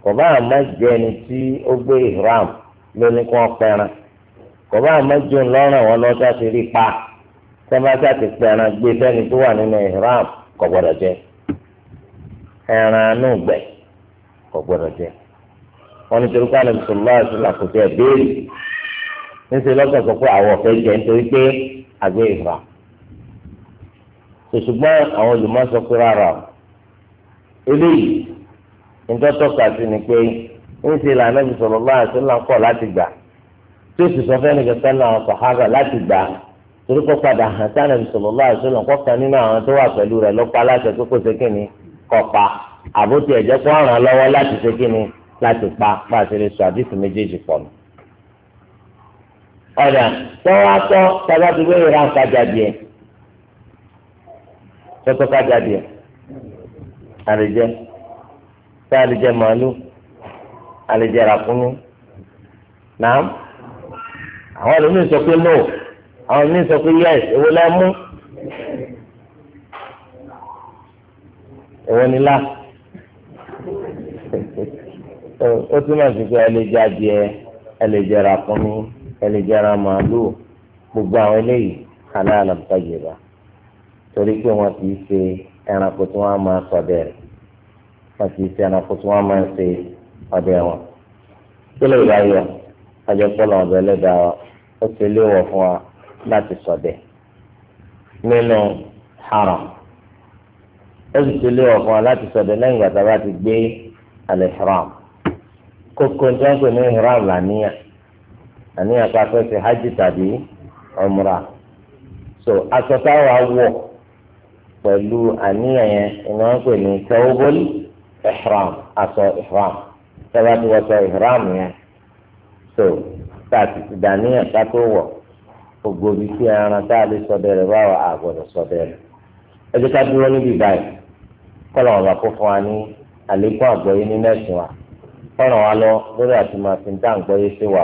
kò bá àmọ́ jẹ́ ẹni tí ó gbé ihram lóní kó pẹran kò bá àmọ́ jọ ńlọrọ̀ wọn lọ́jọ́ ti rí pa sẹ́mbàtà ti pẹran gbé sẹ́ni tó wà nínú ihram kò gbọ́dọ̀ jẹ ẹran anú gbẹ kò gbọ́dọ̀ jẹ wọn nítorí pé àlọ́ bisalòlá àti sàkóso ẹ̀ béèrè ńṣe lọ́gbọ̀n sọ pé àwọn ọ̀fẹ́ jẹ nítorí pé àgbẹ̀ ìfà ṣùṣùgbọ́n àwọn olùmọ̀ sọ pé rárá eléyìí ńdọ́tọ̀ka sí ni pé ńṣe lànà ìṣòro máa ṣe ńlá pọ̀ láti gbà tí ó sì sọ fẹ́ nìkan sẹ́nu àwọn sàhábà láti gbà torí kó padà hàn sẹ́nu ìṣòro máa ṣe ńlá kọ́kan nínú àwọn tó wà pẹ̀lú rẹ̀ lọ́pàá láṣẹ tó kó ṣe kínní kọ̀pa àbótiẹ̀jẹ̀ kó ràn án lọ́wọ́ láti ṣe láti pa pàṣẹ lè sọ àdìsí méjèèjì pọ̀ nù ọ̀dà tọ́wọ́ atọ́ tàbá ti wéyìn ra nǹkan jáde ẹ̀ tọ́tọ́ ká jáde ẹ̀ àlejẹ́ tá àlejẹ́ màálù àlejẹ́ ràkúnmí nàám àwọn ẹlòmíín sọ pé no àwọn ẹlòmíín sọ pé yes èwo lẹ́ mú èwo ni lá ó túmọ̀ sí pé ẹ lè jáde ẹ ẹ lè jẹ ràkúnmí ẹlẹ́jẹ̀ra màálù gbogbo àwọn eléyìí halal tayyiba torí pé wọn kì í ṣe ẹranko tí wọn máa ṣọdẹ rẹ̀ wọn kì í ṣe ẹranko tí wọn máa ṣe ọdẹ wọn. kílẹ̀ ìdáyọ̀ ajẹ́pọ̀lọ̀ ọ̀bẹ ẹlẹ́dàá wa ó ti léwọ̀ fún wa láti ṣọdẹ nínú haram ó sì ti léwọ̀ fún wa láti ṣọdẹ lẹ́yìn ìgbà tá a bá ti gbé al-ihram kókó ní wọn pè ní ihram làníyàn àníyàn ká fẹ́ ṣe hajj tàbí ọmọra so aṣọ táwa wọ̀ pẹ̀lú àníyàn yẹn ìmọ̀ ń pè ní tẹ́wọ́bọ́l ihram aṣọ ihram tẹ́wọ́ ti wọ́ṣọ ihram yẹn so tá a ti ti dàníyàn ká tó wọ̀ gbogbo ibi tí ẹran tá a lè sọdẹ rẹ báwa a gbọ́dọ̀ sọdẹ rẹ ẹ jẹ́ ká dúró níbi báyìí kọlọ ọba kó fún wa ní àlékún àgbọ́yé nínú ẹ̀sìn wa kọlọ wa lọ lórí àti máa fi ń dá àgbọ́yé sí wa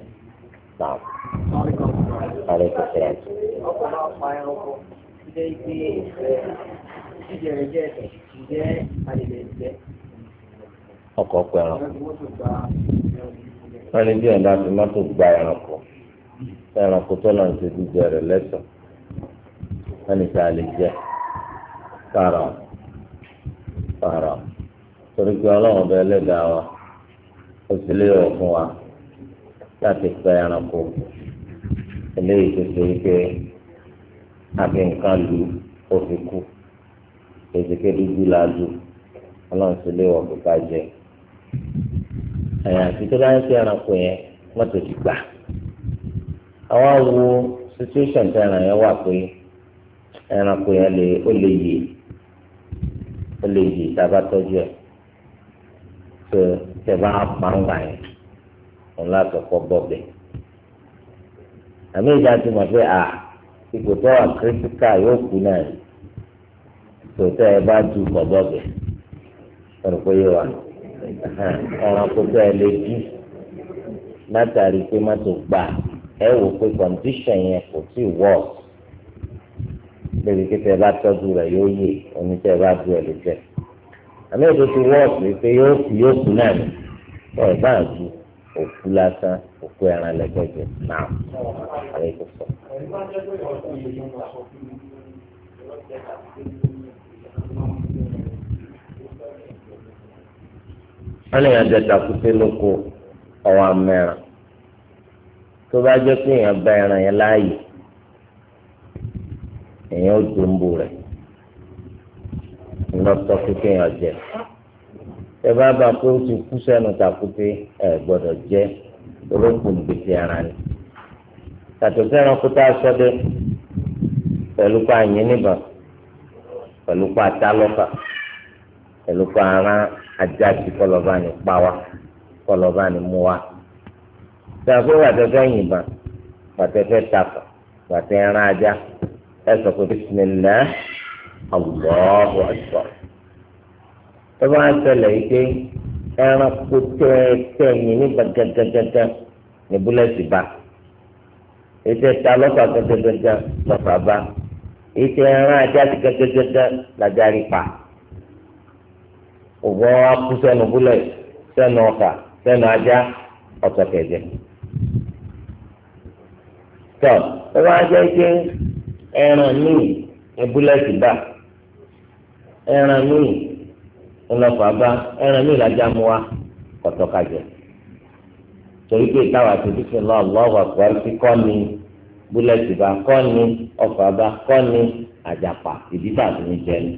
náà ààrẹ kò fẹ́ ẹ̀ ẹranko wọ́n ní bí ọ̀dà fi mọ́tò gba ẹranko ẹranko tó náà ń ṣe jíjẹ lè torí pé wa láti pa ẹranko eléyìí tó ṣe wípé àfi nǹkan lu òfin kù èsìké dúdú la lu ọlọ́run sì lé wọ̀ pípa jẹ àyàfi tó bá ń ṣe ẹranko yẹn wọ́n ti gbà àwa wo situation tí ẹran yẹn wà pé ẹranko yẹn lè ó lè yè ó lè yè tá a bá tọ́jú ẹ̀ tó tẹ̀ bá pa ń gbà yẹn ńlá kọ̀kọ́ bọ̀bẹ̀. àmì ìjà ti mọ̀ pé à ipò tó wà kírísítà yóò kú náà ipò tó ẹ bá ju kọ̀ bọ̀bẹ̀ ọ̀rọ̀ pé yé wa ọ̀ràn kò tó ẹ lè jí látàrí pé má tó gbà ẹ wò pé kọ̀ǹdíṣàn yẹn kò tí ì wọ́ọ̀sì lórí kí tẹ bá tọ́jú rẹ̀ yóò yè omi tẹ bá du ẹ̀ lè jẹ àmì ètò ti wọ́ọ̀sì pé yóò kú yóò kú náà ní ọ̀rọ̀ bá ń dùn. òkú lásán òkú ẹran lẹgbẹjẹ náà àwọn ètò sọ. wọ́n lè yàn jẹta kúté lóko ọwọ́ amẹ́ran tó bá jẹ́ pé èèyàn bá ẹran yẹn láàyè èèyàn ò dùn bù rẹ̀ ńlọ́tọ́ kékeré jẹ. ẹ bá bá pé ó ti kú sẹ́nu tàkúté ẹ gbọ́dọ̀ jẹ́ olókùn gbèsè ara ni tàtò sẹ́ran kó tá a sọ́dẹ pẹ̀lú pa àyín níbà pẹ̀lú pa ata lọ́fà pẹ̀lú pa ara ajá ti kọlọ́ba ni pa wa kọlọ́ba ni mú wa tàbí wàtẹ́fẹ́ yìnbọn wàtẹ́fẹ́ takà wàtẹ́ ẹran ajá ẹ sọ pé bismillah Allahu akbar tó bá ń ṣẹlẹ̀ yìí pé ẹranko tẹ́ẹ̀tẹ́yìn nígbà gẹ́gẹ́gẹ́gẹ́ ní búlẹ̀tì bá ètò ẹ̀ta lọ́fà gẹ́gẹ́gẹ́gẹ́ lọ́fà bá ètò ẹran ajá ti gẹ́gẹ́gẹ́gẹ́ làjà rí pa òbọ̀ wa kú sẹ́nu búlẹ̀tì sẹ́nu ọ̀fà sẹ́nu ajá ọ̀tọ̀ kẹ̀jẹ́ tọ́ tó bá pé ẹran míì ní búlẹ̀tì bá ẹran míì ńlọfà bá ẹran mi ìlàjà mu wa kọtọ kájọ torí pé táwa ti fi fún náà lọ́wọ́ àkùrẹ́ sí kọ́ni búlẹ̀tì bá kọ́ni ọfà bá kọ́ni àjàpá ìdíbà tó ń jẹ ni.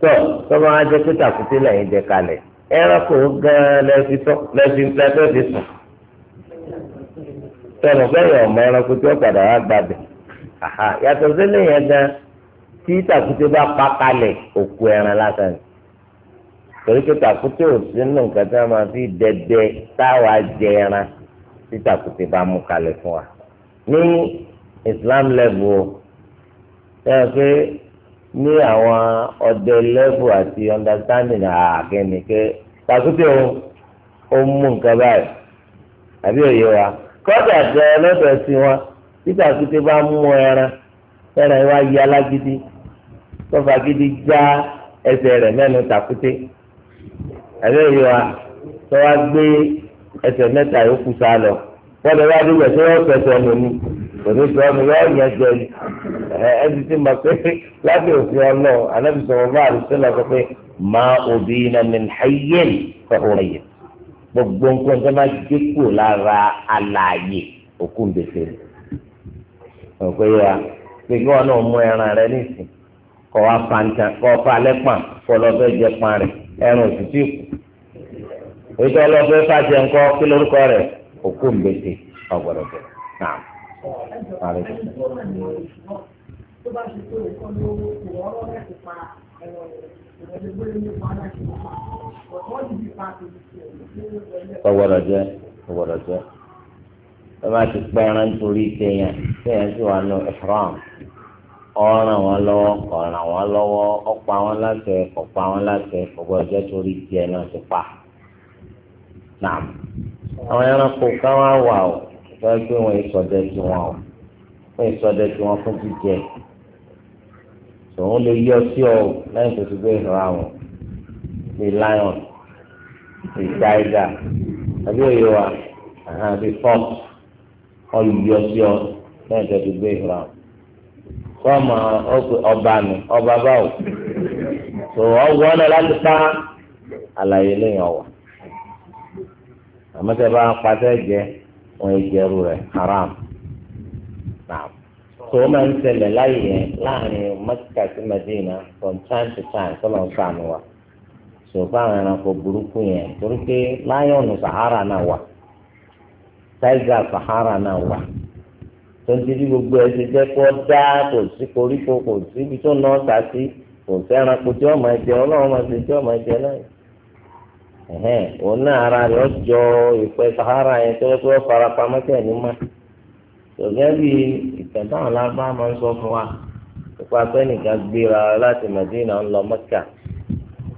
tọ́ tọ́ba wa jẹ́ pété àkúté lẹ́yìn jẹ kalẹ̀ ẹranko gan-an lẹ́sìn lẹ́sìn fi sùn. tọ́nù bẹ́ẹ̀ ọmọ ẹranko tí wọ́n padà wá gbàgbẹ́ yàtọ̀ sílẹ̀ yẹn gan tí tàkúté bá pa kalẹ̀ òkú ẹran lásán ni torí pé tàkúté ò sí nínú nǹkan tí wọn máa fi dẹdẹ táwa jẹ tí tàkúté bá mú kalẹ̀ fún wa ní Islam level o ṣe é pé ní àwọn ọdẹ level àti understanding àkẹ́ni pé tàkúté o ó mú nǹkan báyìí àbí òye wa kọ́dà jẹ ọlọ́dọ̀ sí wọn tí tàkúté bá mú ẹran ẹran wa yí alágídí tó fagídí já ẹsẹ̀ rẹ̀ mẹ́nu tàkúté. ẹ̀rẹ́ yìí wa tó wá gbé ẹsẹ̀ mẹ́ta lọ wọ́n lè wá dúró ẹsẹ̀ yóò fẹsẹ̀ ọ̀nà ni òní sọ ọ́nà yóò yẹn jẹ ẹni tí mo pé lábẹ́ òfin ọlọ́ anábì sọ̀rọ̀ bá obi lọ sọ pé máa òbí iná mi gbogbo nǹkan tó máa lára alààyè òkú rẹ̀ ọ̀pẹ́ yìí wa pé kí náà mú ẹran rẹ kọ́ wa fa ẹran òsì tí kù ètò ọlọ́fẹ́ fàṣẹ ńkọ́ kí lórúkọ rẹ̀ òkú mbèsè ọ̀gbọ̀dọ̀ bẹ̀ náà. ọ̀gbọ̀dọ̀ jẹ́ ọ̀gbọ̀dọ̀ jẹ́ ẹ bá ti pẹ́ ẹran wà ọ̀ràn wọn lọ́wọ́ ọ̀ràn wọn lọwọ, ọpa wọn láṣẹ ọpa wọn láṣẹ ọgbọ ìjọ torí tiẹ̀ náà ti pa. Na àwọn ẹranko kan wá wà ó ìsọdẹ tí ó ìsọdẹ tí fún jíjẹ. Tòun lè sí ọ tó ti gbé bíi lion bíi tiger àbí òye wa àbí fox ọ lè sí ọ tó ti gbé kọ́mọ ọba mi ọba báwo tó ọwọ́ náà láti pa àlàyé lẹ́yìn ọ̀wà àmọ́tẹ́ bá pàṣẹ jẹ wọn ìjẹrù haram na tó o máa ń ṣẹlẹ̀ láyé yẹn láàrin Mẹ́kà sí from time to time ń sànù wa sòfò àwọn ẹranko burúkú yẹn torí pé láyọ̀nù Sahara náà wà táìgà Sahara náà wà. tonti gbogbo ẹ ti jẹ́ kó dá kò sí koríko kò sí ibi tó nà ọ́ta sí kò sẹ́ran kò tí ọmọ ẹ̀jẹ̀ máa ṣe ọmọ náà òun náà ara rẹ̀ ọjọ́ ìpẹ́ sahara yẹn tó fara ní ma bí ìtẹ̀tàn lábá máa ń sọ fún wa gbéra láti ń lọ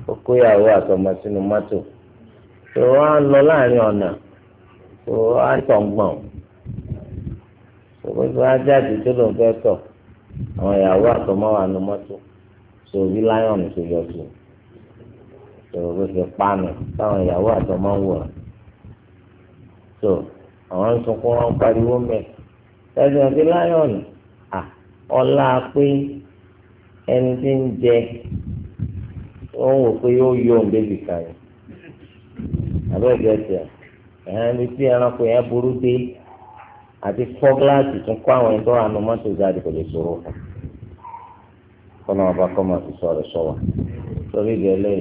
ó kó ìyàwó àtọmọ sínú mọ́tò tó wá ń tòkó tó wá jáde tó lòun fẹ́ tọ̀ àwọn ìyàwó àtọmọ́wà nu mọ́tò tó bí láyọ̀nù tó yọ tó tòkó tó fi pààmì táwọn ìyàwó àtọmọ́ ń wọ̀ tó àwọn ń sunkún wọn pariwo mẹ́ tẹ́sí ọ̀dí láyọ̀nù à ọlá pé ẹni tí ń jẹ ó wò pé yóò yọ òun débi kàrí àbẹ́ẹ̀gẹ́sì ẹ̀ ẹ̀ ẹni tí ẹranko yẹn burú dé àti fọ́ gíláàsì tún kó àwọn ẹni tó wà nù mọ́tò jáde kò lè ṣòro fún kọ́nà ọba kọ́ máa fi sọ̀rọ̀ sọ̀wà torí gẹ̀lẹ́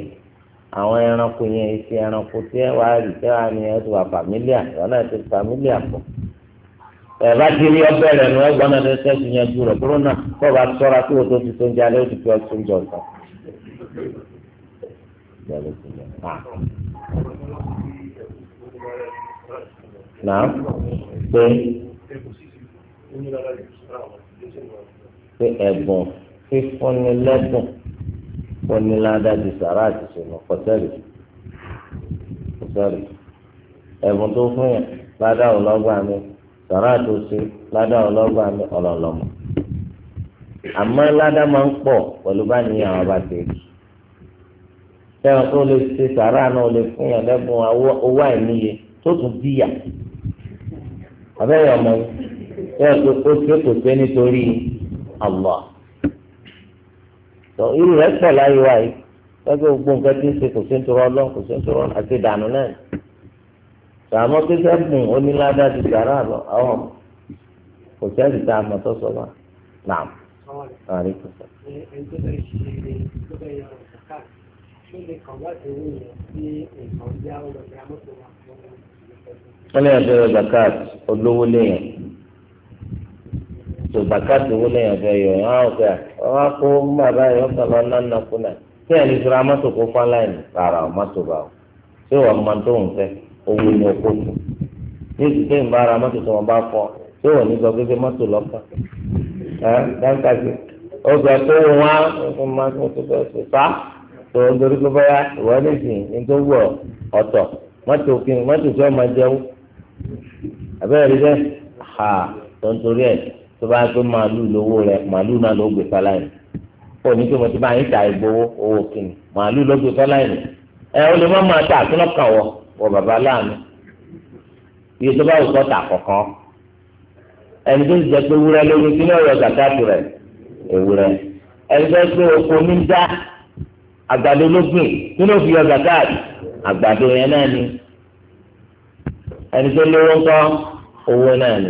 àwọn ẹranko yẹn ti ẹranko tí ẹ wá rí tẹ́wà ni ẹ ti wà fàmílíà ìwọ́n náà ti fàmílíà pọ̀ ẹ bá ti rí ọbẹ̀ rẹ̀ nù ẹgbọ́n náà tẹ́tẹ́ ti yanjú rẹ̀ kúrò náà kọ́ bá sọ́ra kí o tó fi tó ń jalè ó ti fi ọtún jọ ọ̀sán. Nàá pé pé ẹ̀bùn fífúnni lẹ́bùn fúnni ládàjì sàrà àti sọ̀nà kọ́tẹ́rì kọ́tẹ́rì ẹ̀bùn tó fún yẹn ládà ọlọ́gbà mi sàrà tó ṣe ládà ọlọ́gbà mi ọ̀lọ́lọ́mọ àmọ́ ládà máa ń pọ̀ pẹ̀lú bá níyàn àwọn bá ti rí sẹ́wọ̀n tó lè ṣe sàrà náà lè fún yàn lẹ́bùn owó àìníye tó tún bíyà abẹ́rẹ́ ọmọ yìí bẹ́ẹ̀ tó kó sí kò sí nítorí Allah tó irú rẹ̀ pọ̀ láyé wa yìí wọ́n gbogbo nǹkan tí ń ṣe kò sí nítorí ọlọ́run kò sí nítorí ọlọ́run àti ìdànù náà sàmọ́ pé sẹ́gun onílàdá ti sàrà lọ àwọn kò sẹ́ẹ̀dì tá a mọ̀ tó sọ wá náà àrí kò sọ. wọ́n lè bẹ̀rẹ̀ zakat olówó léèyàn tó bàkàtì owó lẹ́yìn ọ̀fẹ́ yọ ẹ̀ hàn ọ̀fẹ́ ọ̀hún akó bàbá yọ ọ̀kan lọ nánà kúnà tí ẹ̀ ní sọ́ra mọ́tò kó fáláìnì rárá ọ̀ mọ́tò bá ọ̀ ṣé wọ́n máa tó ń fẹ́ owó ni okó fún ní ìsìté ìbára mọ́tò tó wọn bá fọ́ ṣé wọ́n ní sọ pé mọ́tò lọ́kàn ẹ̀ dáńtà sí ọgbà tó wá ọ̀sán máa tó tó bẹ́ẹ̀ ṣe sá tó ń dorí pé báyà ìwọ nísìnyí ní tó wù ọ̀tọ̀ mọ́tò kìnnìkan mọ́tò tó máa jẹun àbẹ́rẹ́ ha tó ń tó bá gbé màálù lówó rẹ màálù náà ló gbé fáláìní ó ní kí mo ti bá yín ta ìgbowó owó kìnnì màálù ló gbé fáláìní ẹ ó lè má máa ta àtúnlọ́ kàn wọ wọ bàbá láàánú iye tó bá wù kọ́ ta kọ̀ọ̀kan ẹni tó ti jẹ pé wúrẹ́ lórí kí ní ọ̀rọ̀ zakatu rẹ̀ ewúrẹ́ ẹni tó ti pé oko ní àgbàdo ló kí ló fi yọ zakatu àgbàdo yẹn náà ni ẹni tó lówó ń owó náà ni.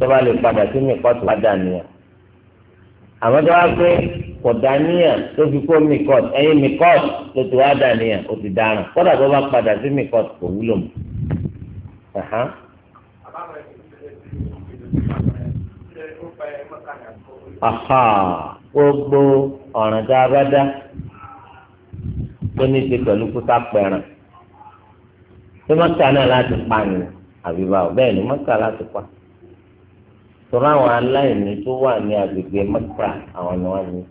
tọ́ba lè padà sí mi kọ́ọ̀tù wá dàníyàn àmọ́ tó wá pé kò dàníyàn tó fi kó mi kọ́ọ̀tù ẹ̀yìn mi kọ́ọ̀tù tó ti wá dàníyàn ó ti dáràn kódà tó bá padà sí mi kọ́ọ̀tù kò wúlò mọ́. Aha gbogbo ọ̀ràn tá a bá dá tó ní ṣe pẹ̀lú kúta pẹ̀ràn tó mọ́tà náà láti pa ni àbí báwo bẹ́ẹ̀ ni mọ́tà láti pa tọ́lá àwọn aláìní tó wà ní agbègbè mẹ́kà àwọn ni wọ́n ní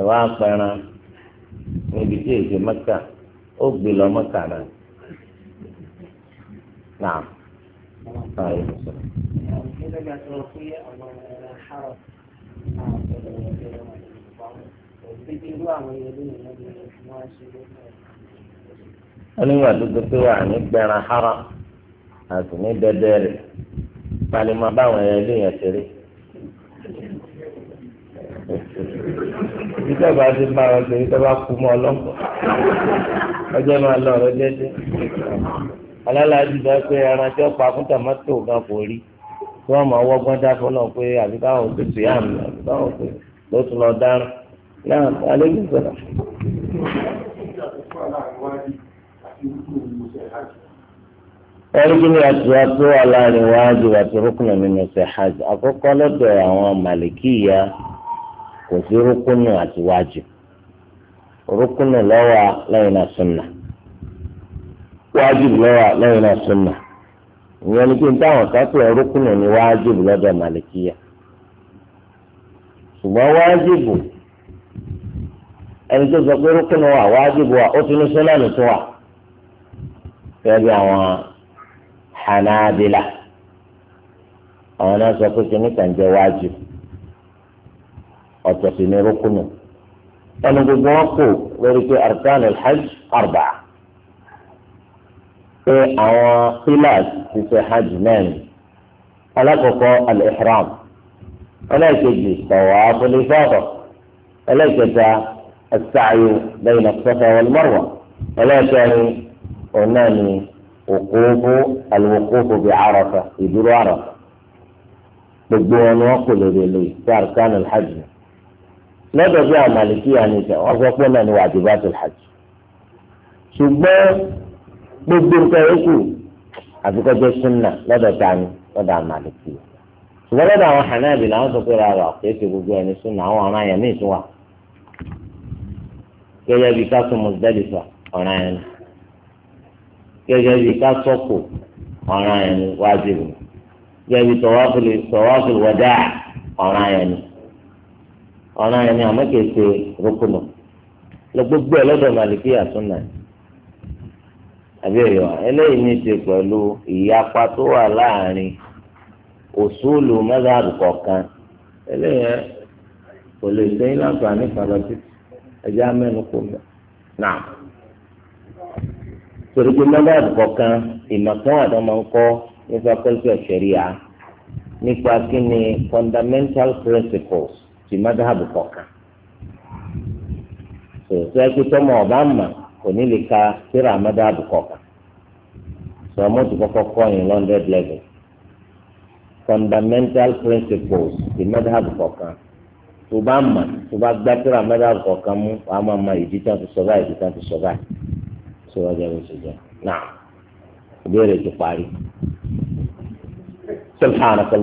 ìwà apẹran níbi tí èdè mẹ́kà ó gbé lọ mẹ́kà náà náà báyìí ló sọ. wọ́n ní wàá dúdú pé wà ní gbẹ̀ràn hara àti ní dẹ́dẹ́ rẹ̀ balẹ̀ máa bá àwọn ẹyẹ léèyàn ṣeré. ìjọba ti bá wọn ṣe ìjọba kú mọ́ ọlọ́pàá ọjọ́ máa lọ ọ̀rọ̀ jẹ́jẹ́ alálàájú bá pé ẹran tí ó pa fún tòmátò gan kò rí tí wọ́n máa wọ́gbọ́n dá fọlọ́ pé àbí káwọn ò tètè yá mi àbí káwọn ò ló tún lọ dáràn náà alẹ́ gbèsè náà. orígínì àti àtó alárinwájú àti rúkúnù nínú ṣe àkọ́kọ́ lọ́dọ̀ àwọn màlìkíyà kò sí rúkúnù àti wájú rúkúnù lọ́wọ́ lẹ́yìn náà sunna wájú lọ́wọ́ lẹ́yìn náà sunna ìyẹn ni pé táwọn kápẹ́ ní lọ́dọ̀ ṣùgbọ́n ẹni tó sọ pé hanabila àwọn náà sọ pé kíní kan jẹ́ wájú ọ̀tọ̀ sí ní rúkúnù ẹnu gbogbo wọn kò lórí pé arkan alhaj arba'a pé àwọn pillars ti ṣe hajj mẹ́rin alákọ̀ọ́kọ́ al-ihram ẹlẹ́ẹ̀kejì tawaf al-ifada ẹlẹ́ẹ̀kẹta as-sa'yu bayna as-safa ọ̀nà ni. òkúfú alùpùpù bíi àràfà a àràfà gbogbo wọn wọn kò lórí eléyìí sí arkanul hajj lọ́dọ̀ bí àmàlìkí àníjà wọn sọ pé náà ni gbogbo nǹkan àwọn sọ pé rárá gbogbo ẹni àwọn gẹ́gẹ́ bí ká sọkò ọ̀ràn yẹn ni wájìbù gẹ́gẹ́ bí tọwáfìlì tọwáfìlì wọdà ọ̀ràn ẹni ni ọ̀ràn yẹn kìí ṣe rúkúnù lọ gbogbo ẹ lọ́dọ̀ màlìkí àtúnà àbí ẹyọ eléyìí ní ṣe pẹ̀lú ìyapa tó wà láàrin òṣùlù mẹ́tàdù kọ̀ọ̀kan eléyìí kò lè ṣe ní láǹfààní torí pé mọ́dáàbù kọ̀ọ̀kan ìmọ̀kan wà tó máa ń kọ́ ní faculty of sharia nípa kí ni fundamental principles ti mọ́dáàbù kọ̀ọ̀kan. sọ̀tọ́ ẹ pé tọ́mọ ọ̀bá mà kò ní lè ka síra mọ́dáàbù kọ̀ọ̀kan sọ̀rọ̀ mọ́tò kọ́kọ́ kọ́ yín hundred level fundamental principles ti mọ́dáàbù kọ̀ọ̀kan tó bá mà tó bá gbá síra mọ́dáàbù kọ̀ọ̀kan mú wàá máa ma ìdí tán fi sọ báyìí ìdí tán fi sọ báyìí tó wájà ló ṣe jẹ náà ìbéèrè ti parí. سبحانك